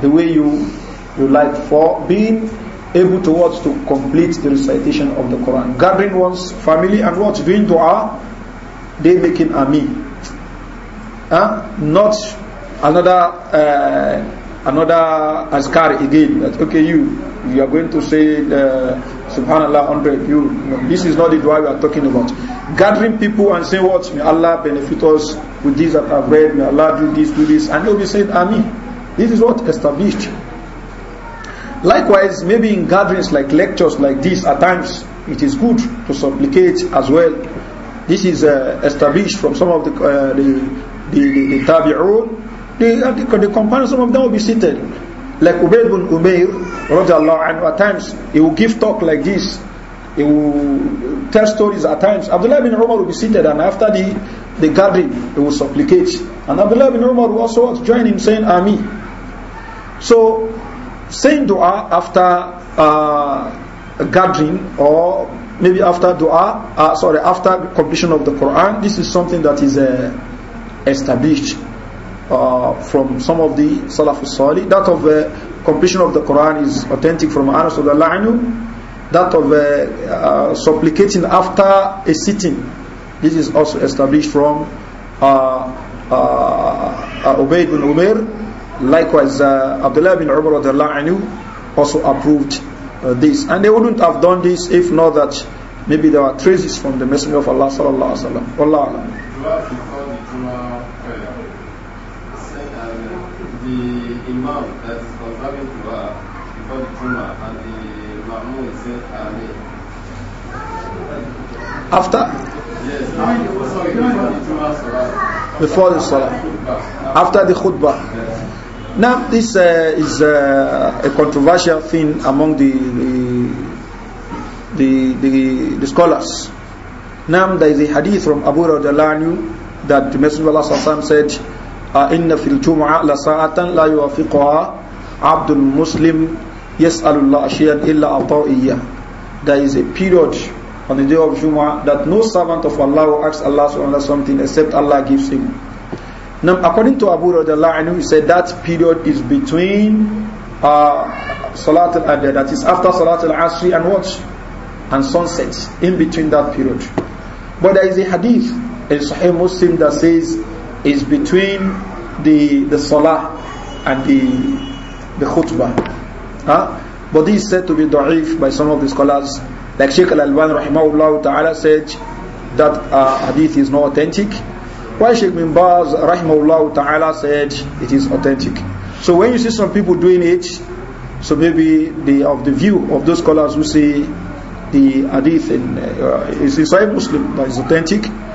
the way you you like for being able towards to complete the recitation of the Quran, gathering one's family and what doing dua, they making ameen. huh? not another uh, another askar again. That okay, you you are going to say Subhanallah hundred. You, you know, this is not the dua we are talking about gathering people and saying, What? May Allah benefit us with this that I've read. May Allah do this, do this. And they'll be saying, Ameen. This is what established. Likewise, maybe in gatherings like lectures like this, at times it is good to supplicate as well. This is uh, established from some of the, uh, the, the, the, the The, uh, the, the companions, some of them will be seated. Like Ubayd bin Umair, radiallahu at times he will give talk like this they will tell stories at times. Abdullah bin Umar will be seated and after the, the gathering, he will supplicate. And Abdullah bin Umar will also join him saying, Ami. So, saying dua after uh, gathering or maybe after dua, uh, sorry, after completion of the Quran, this is something that is uh, established uh, from some of the Salafus Salih. That of uh, completion of the Quran is authentic from Anas of the that of uh, uh, supplicating after a sitting. This is also established from uh, uh, uh Ubayd bin Umair. Likewise, uh, Abdullah bin Umar also approved uh, this. And they wouldn't have done this if not that maybe there were traces from the Messenger of Allah sallallahu After? Before the Salah. After the khutbah. Now, this uh, is uh, a controversial thing among the the, the, the scholars. Now, there is a hadith from Abu Radhalanyu that the Messenger of Allah said, إن في الجمعة لساعة لا يوافقها عبد المسلم يسأل الله illa إلا أعطاه there is a period on the day of Jumu'ah that no servant of Allah will ask Allah subhanahu something except Allah gives him. Now, according to Abu I anhu, he said that period is between uh, Salat al-Adha, that is after Salat al-Asri and what? And sunset, in between that period. But there is a hadith in Sahih Muslim that says it's between the the Salah and the the khutbah. Huh? But this is said to be da'if by some of the scholars like Sheikh Al-Alban rahimahullah ta'ala said that uh, hadith is not authentic. While Sheikh Bin Baz rahimahullah ta'ala said it is authentic. So when you see some people doing it, so maybe the of the view of those scholars who say the hadith in, uh, is Sahih Muslim that is authentic,